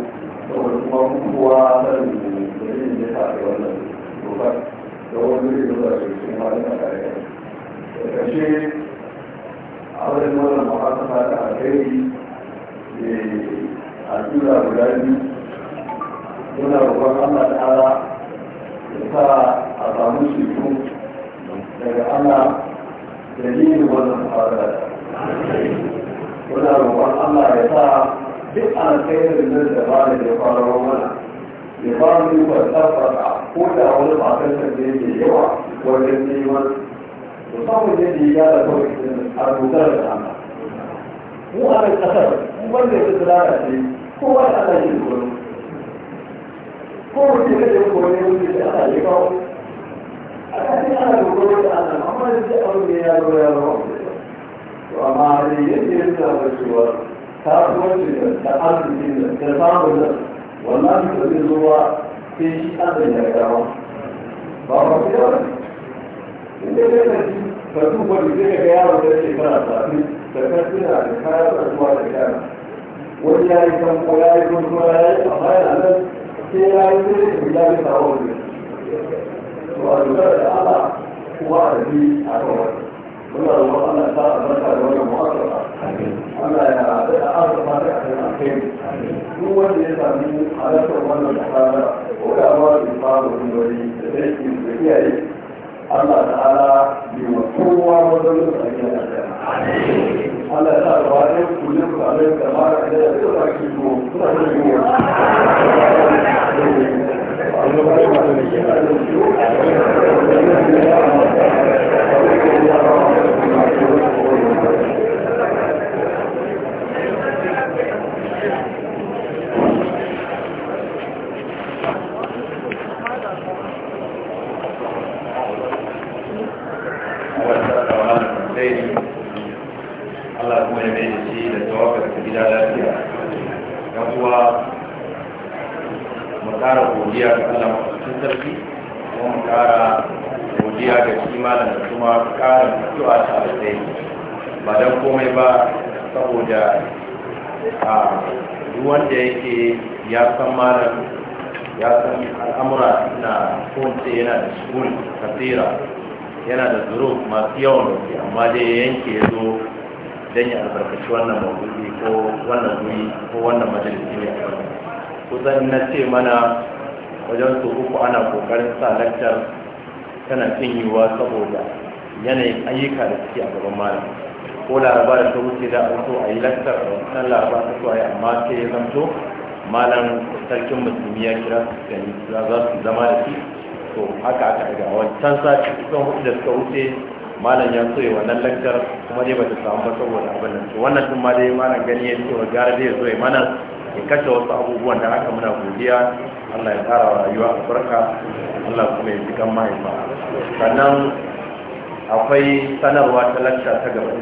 saboda kuma kowa sanin da yin da ya sa kai wannan dokar da wani zai zo da shi kuma ina kare auren wannan ma'aikata da alheri da al'ura guda biyu muna roƙon allah ta'ala ya sa a samu ceto daga allah da yin wannan ma'aikata muna roƙon allah ya sa duk alkhairin nan da ba da ya fara mana ya ba mu yi ko da wani ma'aikata da yake yawa wajen neman musamman da ya gyara kawai a rubutar da amma mu a mai kasar wanda ya fi lalace kowa da ana yin koyo ko mutum da ya koyo ne mutum da ana yi kawo a kasi ana da koyo da ana amma da ya abu ne ya zo ya zo to amma da yadda ya sa da cewa kasuwanci da da arziki da da samun da wannan da zai zuwa sai shi an da ya gawa ba ba sai wani inda ya zaci ka duba da zai ga yawon da ke fara zafi da kasina da kayan da zuwa da kyara wani ya yi kan ko ya yi kun kuma ya yi amma yana nan sai ya yi zai da ya yi sawo ne to a lura da ala kuma a bi a kan wani muna da wani ana sa a barka da wani mu'asara Allah ya da azurfa a kan alkhairi duk wanda ya sami halartar wannan mu'asara ko da ma da fara wani wani da zai yi da iyaye Allah ta'ala yi wa kowa wajen da tsariya da Allah ta da wani kulin kwanar da mara da ya fi tsaki ko suna da yi wa Allah ta da wani kulin kwanar da mara da ya fi tsaki ko suna da yi wa mana mai da shi da tawafar ta gida lafiya yan uwa mu kara godiya ga Allah cikin sarki kuma mu kara godiya ga shi malam da kuma kara addu'a ta alƙai ba dan komai ba saboda a duk wanda yake ya san malam ya san al'amura na kowace yana da shigul kasira yana da zuru masu yawan gaske amma dai yanke ya zo don ya albarkaci wannan mawuzi ko wannan wuri ko wannan majalisi ne kusan na ce mana wajen su uku ana kokarin sa lakcar tana cin yiwuwa saboda yanayin ayyuka da suke a gaban malam ko laraba da ta wuce da a so a yi lakcar wancan laraba ta so a yi amma sai ya zanto malam sarkin musulmi ya kira su gani za su zama da shi to haka aka daga wancan sati kusan hudu da suka wuce malam ya soya wannan lakcar kuma dai ba ta samu ba saboda abin nan to wannan din ma dai malam gani ya ce wa gara dai so ya mana ya kashe wasu abubuwan da haka muna godiya Allah ya wa rayuwa farka Allah kuma ya ji kan mahaifa sannan akwai sanarwa ta lakcar ta gaba